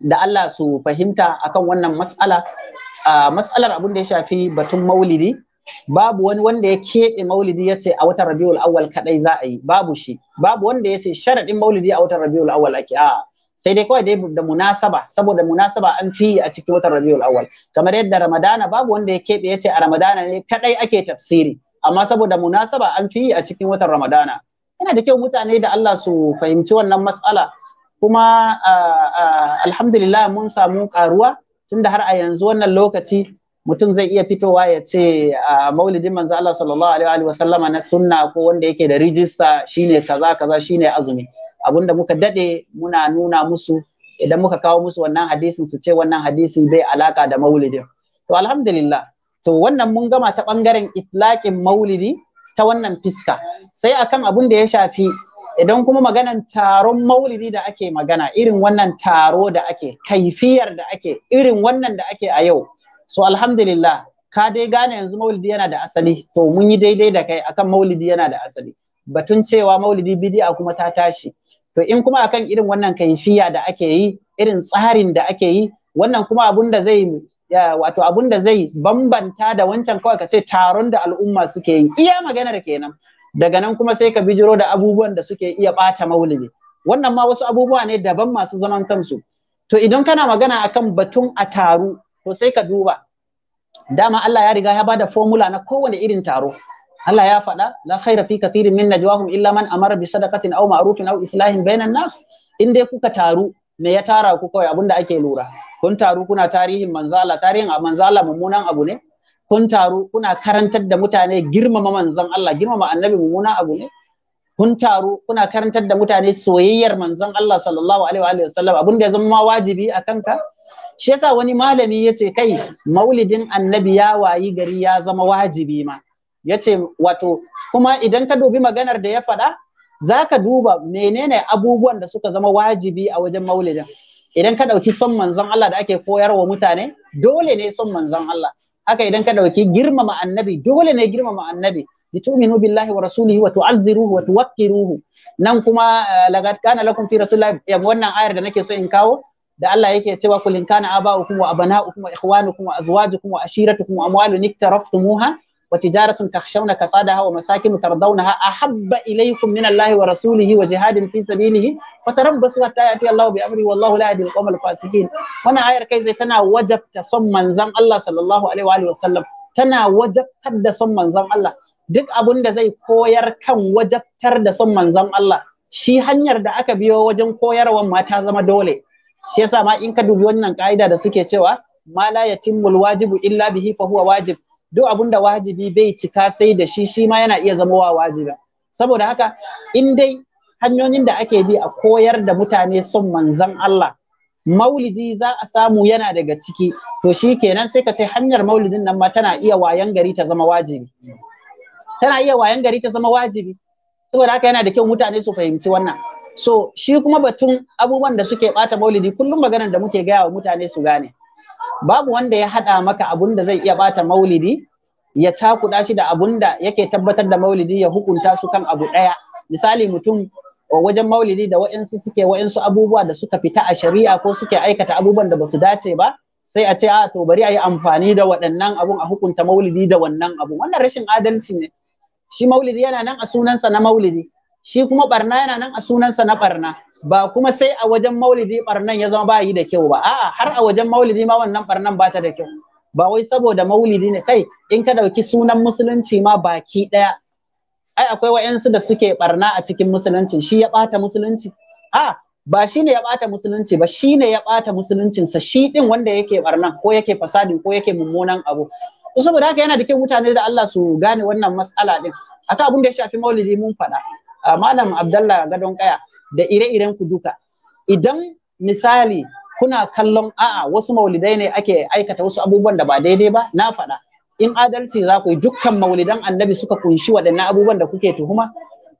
da Allah su fahimta akan wannan mas'ala a mas'alar abun da ya shafi batun maulidi babu wani wanda ya keɓe maulidi ya ce a watan rabiul awwal kadai za a yi babu shi babu wanda ya ce sharaɗin maulidi a watan rabiul awwal ake a sai dai kawai dai da munasaba saboda munasaba an fi a cikin watan rabiul awwal kamar yadda ramadana babu wanda ya keɓe yace a ramadana ne kadai ake tafsiri amma saboda munasaba an fi a cikin watan ramadana yana da kyau mutane da Allah su fahimci wannan matsala kuma alhamdulillah mun samu karuwa tunda har a yanzu wannan lokaci mutum zai iya fitowa ya ce a maulidin manzo Allah sallallahu alaihi wa sallama na sunna ko wanda yake da rijista shine kaza kaza shine azumi abinda muka dade muna nuna musu idan muka kawo musu wannan hadisin su ce wannan hadisi bai alaka da maulidin to alhamdulillah to wannan mun gama ta bangaren itlaqin maulidi ta wannan fiska sai akan abun da ya shafi idan kuma maganan taron maulidi da ake magana irin wannan taro da ake kaifiyar da ake irin wannan da ake a yau so alhamdulillah ka dai gane yanzu maulidi yana da asali to mun yi daidai da kai akan maulidi yana da asali batun cewa maulidi bidi'a kuma ta tashi to in kuma akan irin wannan kaifiya da ake yi irin tsarin da ake yi wannan kuma abun da zai wato abun da zai bambanta da wancan kawai ka ce taron da al'umma suke yi iya maganar kenan daga nan kuma sai ka bijiro da abubuwan da suke iya ɓata maulidi wannan ma wasu abubuwa ne daban masu zaman kansu to idan kana magana akan batun a taro, to sai ka duba dama Allah ya riga ya bada formula na kowane irin taro Allah ya faɗa la khaira fi kathirin min najwahum illa man amara bi sadaqatin aw ma'rufin aw islahin bainan nas in dai kuka taru me ya tara ku kawai abinda ake lura kun taru kuna tarihin manzala tarihin manzala mummunan abu ne kun taru kuna karantar da mutane girmama manzon Allah girmama annabi mummunan abu ne kun taru kuna karantar da mutane soyayyar manzon Allah sallallahu alaihi wa sallam da ya zama wajibi a kanka shi yasa wani malami ya ce kai maulidin annabi ya wayi gari ya zama wajibi ma ya ce wato kuma idan ka dubi maganar da ya faɗa zaka duba menene abubuwan da suka zama wajibi a wajen maulidin idan ka ɗauki son manzon Allah da ake koyarwa mutane dole ne son manzon Allah haka idan ka ɗauki girmama annabi dole ne girmama annabi litu'minu billahi wa rasulihi wa tu'azziruhu wa tuwaqqiruhu nan kuma eh, lagat kana lakum fi rasulillahi wannan ayar da nake so in kawo da Allah yake cewa kulinkana kana aba'ukum wa abana'ukum wa ikhwanukum wa azwajukum wa ashiratukum wa amwalun iktaraftumuha wa tijaratun takhshawna kasadaha wa masakin tardawnaha ahabba ilaykum min Allah wa rasulihi wa jihadin fi sabilihi wa tarabbasu hatta yati Allah bi amri wallahu la yahdi al-qawmal fasiqin wannan kai zai tana wajabta son manzon Allah sallallahu tana wajabtar da son manzon Allah duk abun da zai koyar kan wajabtar da son manzon Allah shi hanyar da aka biyo wajen koyarwar ma ta zama dole shi yasa ma in ka dubi wannan ka'ida da suke cewa ma la yatimmul wajibu illa bihi fa huwa wajib duk abun da wajibi bai cika sai da shi shi ma yana iya zama wa wajiba saboda haka in dai hanyoyin da ake bi a koyar da mutane son manzan Allah maulidi za a samu yana daga ciki to shi kenan sai ka ce hanyar maulidin nan ma tana iya wayan gari ta zama wajibi tana iya wayan gari ta zama wajibi saboda haka yana da kyau mutane su fahimci wannan so shi kuma batun abubuwan da suke bata maulidi kullum maganar da muke gaya wa mutane su gane babu wanda ya hada maka abun da zai iya bata maulidi ya cakuɗa shi da abun da yake tabbatar da maulidi ya hukunta su kan abu daya. misali mutum wajen maulidi da wa'insu suke wa'insu abubuwa da suka fita a shari'a ko suke aikata abubuwan da basu dace ba sai a ce a ah, to bari a yi amfani da waɗannan abun a hukunta maulidi da wannan abun wannan rashin adalci ne shi maulidi yana nan a sunansa na maulidi shi kuma barna yana nan a sunansa na barna ba kuma sai a wajen maulidi barnan ya zama ba yi da kyau ba a'a har a wajen maulidi ma wannan barnan ba ta da kyau ba wai saboda maulidi ne kai in ka dauki sunan musulunci ma baki daya ai akwai wa'yansu da suke barna a cikin musulunci shi ya bata musulunci a ba shi ne ya bata musulunci ba shi ne ya bata sa shi din wanda yake barnan ko yake fasadin ko yake mummunan abu saboda haka yana da kyau mutane da Allah su gane wannan mas'ala din akan abin da ya shafi maulidi mun faɗa malam Abdallah Gadon Kaya da ire-iren ku duka idan misali kuna kallon a'a wasu maulidai ne ake aikata wasu abubuwan da ba daidai ba na faɗa in adalci za ku yi dukkan maulidan annabi suka kunshi waɗannan abubuwan da kuke tuhuma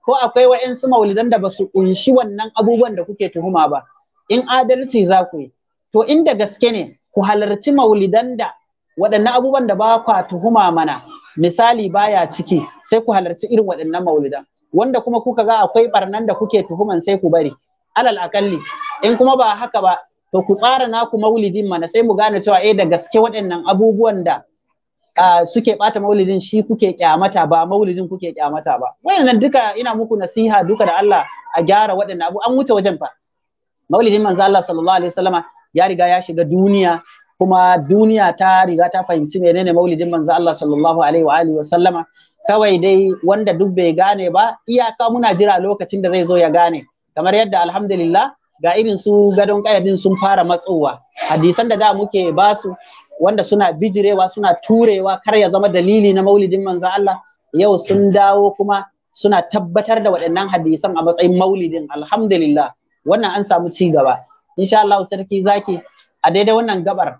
ko akwai wa'insu maulidan da ba su kunshi wannan abubuwan da kuke tuhuma ba in adalci za ku yi to inda gaske ne ku halarci maulidan da waɗannan abubuwan da ba kwa tuhuma mana misali baya ciki sai ku halarci irin waɗannan maulidan wanda kuma kuka ga akwai barnan da kuke tuhuman sai ku bari alal akalli in kuma ba haka ba to ku tsara naku maulidin mana sai mu gane cewa eh da gaske waɗannan abubuwan da suke bata maulidin shi kuke kyamata ba maulidin kuke kyamata ba wayannan duka ina muku nasiha duka da Allah a gyara waɗannan abu an wuce wajen fa maulidin manzo Allah sallallahu alaihi wasallama ya riga ya shiga duniya kuma duniya ta riga ta fahimci menene maulidin manzo Allah sallallahu alaihi wa alihi wasallama kawai dai wanda duk bai gane ba iyaka muna jira lokacin da zai zo ya gane kamar yadda alhamdulillah ga irin su gadon kayadin sun fara matsowa hadisan da da muke basu wanda suna bijirewa suna turewa kar ya zama dalili na maulidin manzo Allah yau sun dawo kuma suna tabbatar da waɗannan hadisan a matsayin maulidin alhamdulillah wannan an samu ci gaba insha Allah sarki zaki a daidai wannan gabar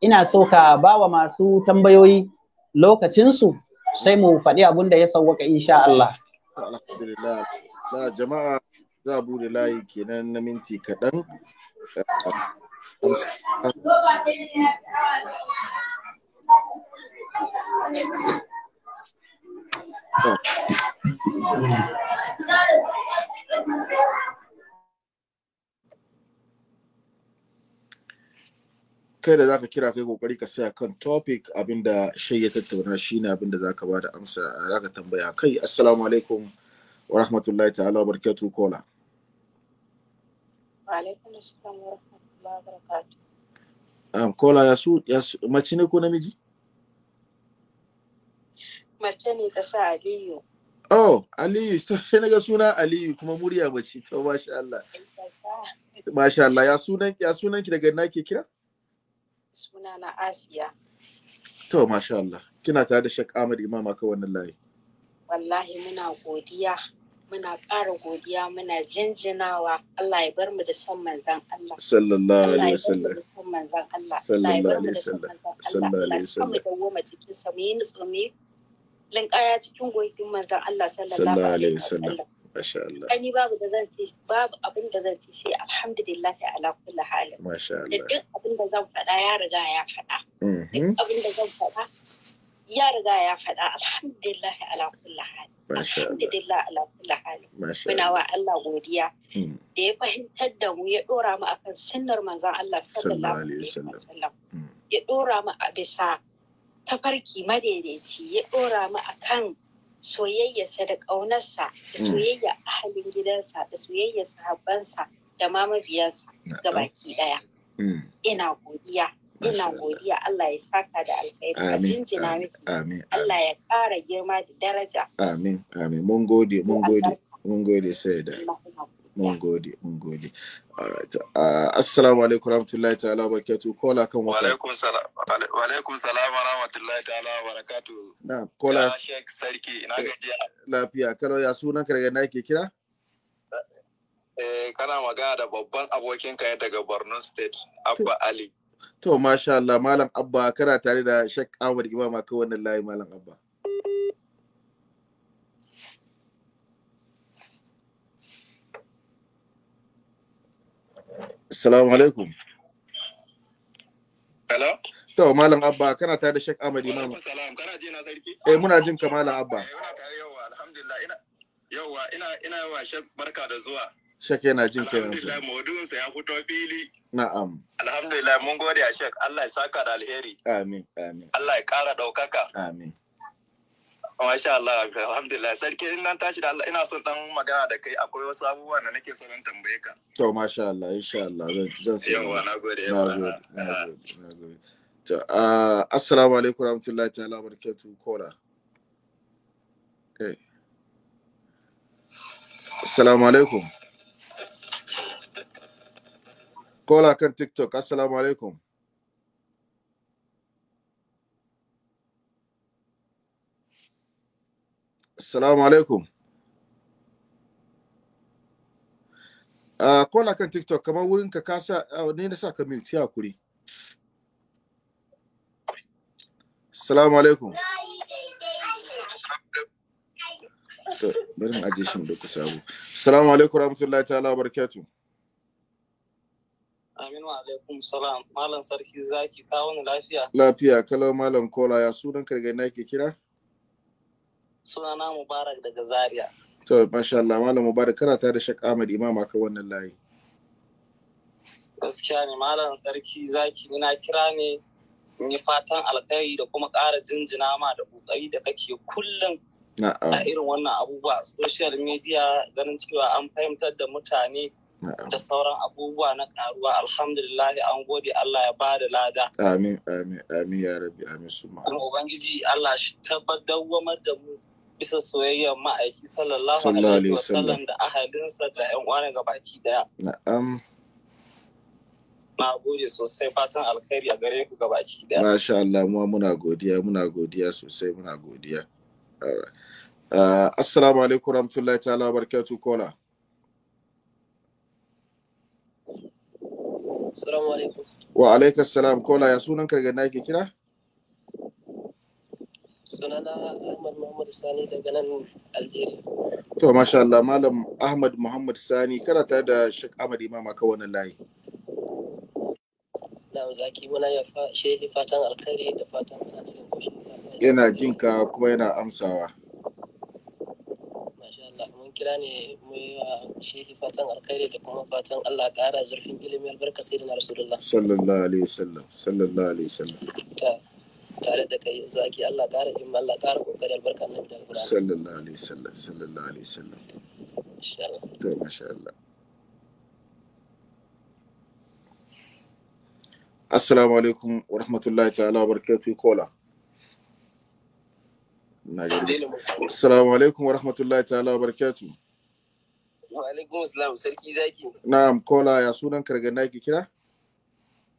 ina so ka bawa masu tambayoyi lokacinsu sai mu faɗi abun da ya sauwaka insha Allah alhamdulillah na jama'a za a bude layi kenan na minti kaɗan you. Eh, kai da zaka kira kai kokari ka saya kan topic abinda shai ya tattauna shine abinda zaka ba da amsa zaka tambaya kai assalamu alaikum wa rahmatullahi ta'ala wa barakatuhu kola wa alaikum assalam wa rahmatullahi wa barakatuh kola um, ya su mace ne ko namiji mace ne ta sa aliyu oh aliyu to sai naga suna aliyu kuma murya mace to masha Allah masha Allah ya sunan ya sunan ki daga na ke kira suna na asiya to masha Allah kina tare da Sheikh Ahmad Imam aka wannan layi wallahi muna godiya muna ƙara godiya muna jinjinawa Allah ya bar mu da son manzan Allah sallallahu alaihi wasallam sallallahu alaihi wasallam sallallahu alaihi wasallam mu bar mu cikin sa mu nutsu mu cikin manzan Allah sallallahu alaihi wasallam Masha Allah. Ani babu da zan ci, babu abin da zan ci sai alhamdulillah ala kulli halin. Masha Allah. Da duk abin da zan faɗa ya riga ya faɗa. Mhm. Duk abin da zan faɗa ya riga ya faɗa alhamdulillah ala kulli halin. Alhamdulillah ala kulli halin. Muna wa Allah godiya. Hmm. Da ya fahimtar da mu ya ɗora mu akan sunnar manzon Allah sallallahu alaihi wasallam. Hmm. Ya ɗora mu a bisa tafarki madaidaici ya ɗora mu akan soyayyarsa da ƙaunarsa da mm. soyayya ahalin gidansa da soyayyar sahabbansa da ma mabiyansa baki ɗaya. Mm. Ina godiya, ina godiya Allah ya saka da alkhairi a jinjina miki. Allah ya ƙara girma da daraja. Amin, amin. Mun gode, mun gode, mun gode sai da. Mun gode, mun gode. Alright. Uh, assalamu alaikum rahmatullahi ta'ala wa barakatuh. Kola kan wasa. Wa alaikum salam wa alaikum salam wa rahmatullahi ta'ala wa barakatuh. Na kola. Ya Sheikh Sarki ina eh, gajiya. Lafiya kano ya sunan ka daga nake kira? Eh kana magana da babban abokin ka daga Borno State Abba Ali. To masha Allah malam Abba kana tare da Sheikh Ahmad Imam ka wannan layi malam Abba. Assalamu alaikum. Hello? To, Malam Abba, kana tare da Sheikh Ahmad Imam. Salam, kana ji na sarki? Eh, muna jin ka Malam Abba. Eh, muna yawa, alhamdulillah. Ina yawa, ina ina yawa Sheikh barka da zuwa. Sheikh yana jin ka yanzu. Alhamdulillah, maudu'in sa ya fito fili. Na'am. Alhamdulillah, mun gode a Sheikh. Allah ya saka da alheri. Amin, amin. Allah ya kara daukaka. Amin. Oh, masha Allah, alhamdulillah. Sarki in nan tashi da Allah ina son dan magana da kai akwai wasu abubuwa da nake son in tambaye ka. To masha Allah, insha Allah zan sai. Yawa na gode. Na gode. Na gode. To ah, assalamu alaikum warahmatullahi ta'ala barakatuh kola. Eh. Assalamu alaikum. Kola kan TikTok. Assalamu alaikum. Assalamu alaikum. Ah, ko na kan TikTok kamar wurin ka kasa uh, ah, ne na sa ka mute ya kuri. Assalamu alaikum. Barin aje shi mu ku sabu. Assalamu alaikum rahmatullahi ta'ala barakatuh. Aminu alaikum salam. Malam sarki zaki kawo lafiya. Lafiya kalau malam kola ya sunan kargai na ke kira? sunana Mubarak daga Zaria. To, masha Allah, Malam Mubarak, kana ta da Shek Ahmad Imam aka wannan layi. Gaskiya ne, Malam Sarki zaki ina kira ne in yi fatan alkhairi da kuma ƙara jinjina ma da kokari da kake kullum a irin wannan abubuwa social media ganin cewa an fahimtar da mutane da sauran abubuwa na karuwa alhamdulillah an gode Allah ya bada lada amin amin amin ya rabbi amin suma ma ubangiji Allah shi tabbatar da mu bisa soyayyar ma'aiki sallallahu alaihi wasallam da ahalinsa da yan uwa ga baki daya na'am na gode sosai fatan alkhairi a gare ku ga baki daya masha Allah mu muna godiya muna godiya sosai muna godiya uh, assalamu alaikum warahmatullahi ta'ala barkatu kola assalamu alaikum wa alaikas salam kola ya sunan ka ga kira sunana To masha Allah Malam Ahmad Muhammad Sani kana tare da Sheikh Ahmad Imam aka wannan layi. Na'am zaki muna ya shehi fatan alkhairi da fatan ana cikin koshin Yana jin ka kuma yana amsawa. Masha Allah mun kira ne mu yi wa shehi fatan alkhairi da kuma fatan Allah ƙara zurfin ilimin albarka sai da Rasulullah. Sallallahu alaihi wasallam sallallahu alaihi wasallam. tare da kai zaki, Allah ƙara himma Allah ƙara kokari albarka na bidan guda sallallahu alaihi wasallam sallallahu alaihi wasallam insha Allah to masha Allah assalamu alaikum wa rahmatullahi ta'ala wa barakatuhu kola assalamu alaikum wa rahmatullahi ta'ala wa barakatuhu wa alaikum assalam sarki zaki na'am kola ya sunan kargan naki kira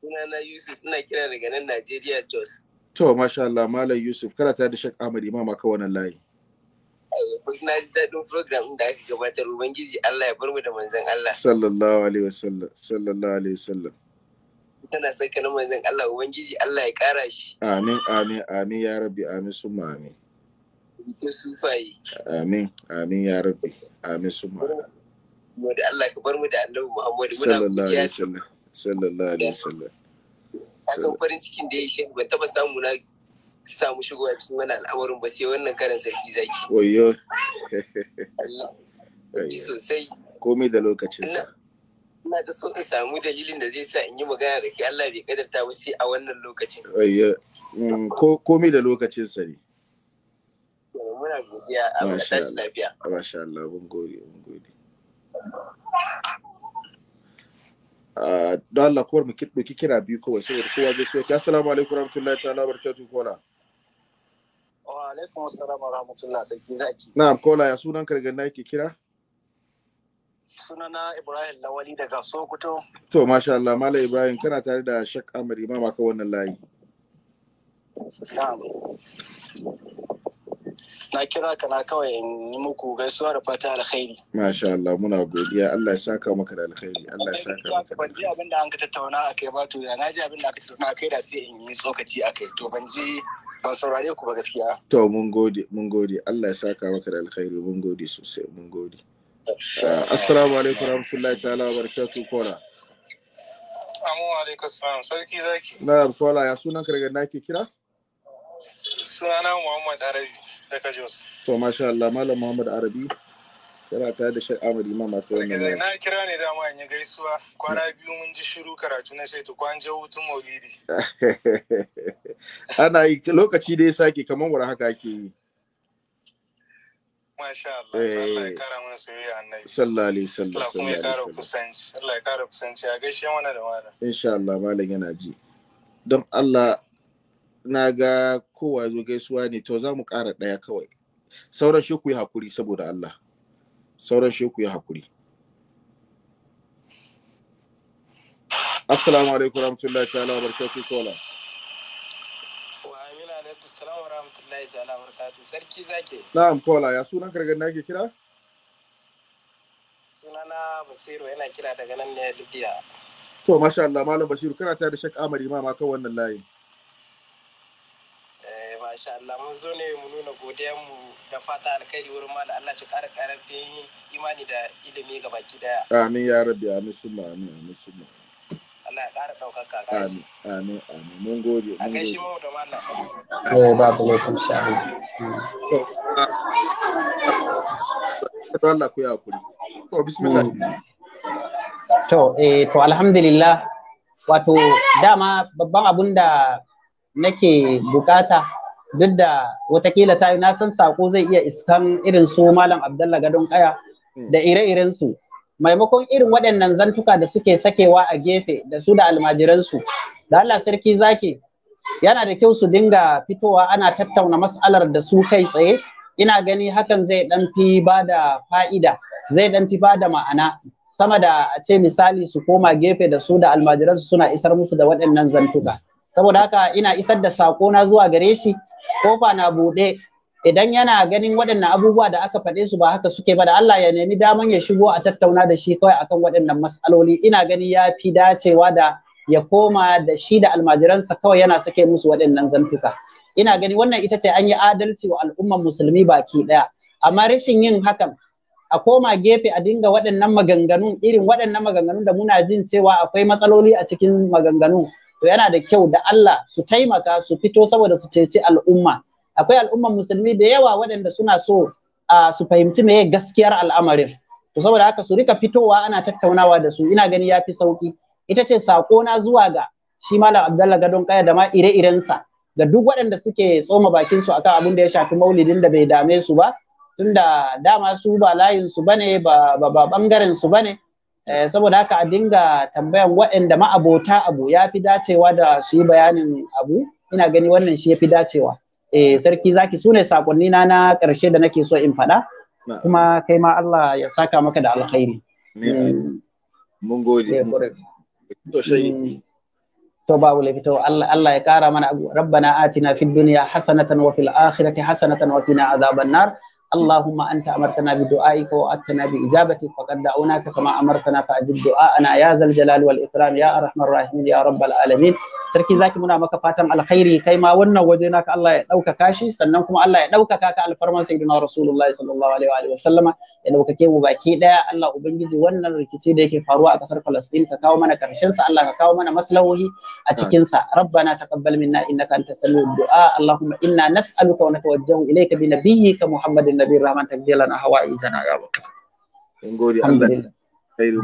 sunana Yusuf ina kira daga nan Najeriya Jos to masha Allah malam Yusuf karata da Sheikh Ahmad Imam aka wannan layi na ji daɗin program da aka gabatar ubangiji Allah ya bar mu da manzon Allah sallallahu alaihi wasallam sallallahu alaihi wasallam tana saka na manzon Allah ubangiji Allah ya ƙara shi amin amin amin ya rabbi amin ma amin cikin sufaye. Amin, amin ya rabbi, amin su ma. Wadda Allah ka bar mu da annabi Muhammadu muna godiya. Sallallahu alaihi wasallam. Sallallahu alaihi wasallam. a san farin cikin da ya shi ban taba samu na samu a cikin wani al'amarin ba sai wannan karin sarki zaki wayo sosai komai da sa ina da so in samu dalilin da zai sa in yi magana da ke Allah bai kadarta ba sai a wannan lokacin wayo mm, komai da sa ne muna godiya a lafiya masha Allah mun gode mun gode Ah, don Allah kowar mu ɗauki kira biyu kawai saboda kowa zai soke assalamu alaikum rahmatullahi ta'ala barakatuh kola wa alaikum assalam wa rahmatullahi sarki zaki na'am kola ya sunan kargan na yake kira sunana Ibrahim Lawali daga Sokoto to masha Allah Malam Ibrahim kana tare da Shak Ahmad Imam aka wannan layi na'am na kira ka na kawai in yi muku gaisuwa da fata alkhairi masha Allah muna godiya Allah ya saka maka da alkhairi Allah ya saka maka ban ji abin da an ka tattauna a kai ba to da na ji abin da aka tattauna kai da sai in yi tsokaci kai to ban ji ban saurare ku ba gaskiya to mun gode mun gode Allah ya saka maka da alkhairi mun gode sosai mun gode uh, assalamu alaikum rahmatullahi ta'ala wa barakatuh kora Amu alaikum salam sarki zaki na kola ya sunan ka daga nake kira sunana Muhammad Arabi daga Jos. To masha Allah Malam Muhammad Arabi tana ta da Sheikh Ahmad Imam a tsawon nan. Na kira ne dama in yi gaisuwa kwana biyu mun ji shiru karatu na sai kwan je hutun Maulidi. Ana yi lokaci da ya sake kamar wani haka ake yi. Masha Allah, Allah ya eh. kara mana soyayya annabi. Sallallahu alaihi wasallam. Allah kuma ya kara kusanci, Allah ya kara kusanci a gaishe mana da wada. Insha Allah malam yana ji. Don Allah na ga kowa zo gaisuwa ne to za mu ƙara ɗaya kawai sauran shi ku yi hakuri saboda Allah sauran shi ku yi hakuri assalamu alaikum rahmatullahi ta'ala wa barakatuh kola wa amina alaikum assalamu rahmatullahi ta'ala wa barakatuh sarki zake na'am kola ya sunan kargan nake kira sunana basiru yana kira daga nan ne dubiya. to masha Allah malam basiru kana ta da shak amari ma ma kan wannan layi masha Allah mun zo ne mu nuna mu da fata alkhairi wurin mala Allah shi ƙara ƙarfin imani da ilimi ga baki daya. Amin ya rabbi amin suma amin amin suma. Allah ya ƙara ɗaukaka Amin amin amin mun gode. A kai shi mu da malam. Eh babu laifin shahi. To Allah ku ya kuri To bismillah. Hmm. To eh to alhamdulillah wato dama babban abun da nake bukata duk da watakila ta na san sako zai iya iskan irin su malam abdalla gadon kaya da ire-iren su maimakon irin waɗannan zantuka da suke sakewa a gefe da su da almajiransu da Allah sarki zaki yana da kyau su dinga fitowa ana tattauna mas'alar da su kai tsaye ina gani hakan zai dan fi ba da fa'ida zai dan fi ba da ma'ana sama da a ce misali su koma gefe da su da almajiransu suna isar musu da waɗannan zantuka saboda haka ina isar da sako na zuwa gare shi kofa na buɗe idan yana ganin waɗannan abubuwa da aka faɗe su ba haka suke ba da Allah ya nemi daman ya shigo a tattauna da shi kawai akan waɗannan matsaloli ina gani ya fi dacewa da ya koma da shi da almajiransa kawai yana sake musu waɗannan zantuka ina gani wannan ita ce an yi adalci wa al'ummar musulmi baki ɗaya amma rashin yin hakan a koma gefe a dinga waɗannan maganganun irin waɗannan maganganun da muna jin cewa akwai matsaloli a cikin maganganun to yana da kyau da Allah su taimaka su fito saboda su ceci al'umma akwai al'umman musulmi da yawa waɗanda suna so uh, su fahimci meye gaskiyar al'amarin to saboda haka su rika fitowa ana tattaunawa da su ina gani fi sauki ita ce sako na zuwa ga shi malam abdalla Gadon Kaya da ma ire sa. ga duk waɗanda suke tsoma bakin su akan abin da ya shafi maulidin da bai dame su ba tunda dama su ba layin su bane ba ba bangaren su bane Eh, saboda haka a dinga tambayan waɗanda ma'abota abu ya fi dacewa da su yi bayanin abu ina gani wannan shi ya fi dacewa eh sarki zaki su ne sakonni na na ƙarshe da nake so in faɗa kuma kai ma Allah ya saka maka da alkhairi mm. mun gode eh, to mm. to babu Allah Allah ya kara mana rabbana atina fid dunya hasanatan wa fil akhirati hasanatan wa qina azaban nar اللهم أنت أمرتنا بدعائك وأتنا بإجابتك فقد دعوناك كما أمرتنا فأجب دعاءنا يا ذا الجلال والإكرام يا أرحم الراحمين يا رب العالمين sarki zaki muna maka fatan alkhairi kai ma wannan waje naka Allah ya ɗaukaka shi sannan kuma Allah ya ɗaukaka ka alfarman sayyidina rasulullahi sallallahu alaihi wa sallama ya ɗaukake mu baki daya Allah ubangiji wannan rikici da yake faruwa a kasar Palestine ka kawo mana karshen sa Allah ka kawo mana maslahohi a cikin sa rabbana taqabbal minna innaka antas samiul du'a allahumma inna nas'aluka wa natawajjahu ilayka bi nabiyyika muhammadin nabiyir rahman na hawa'i jana ya Allah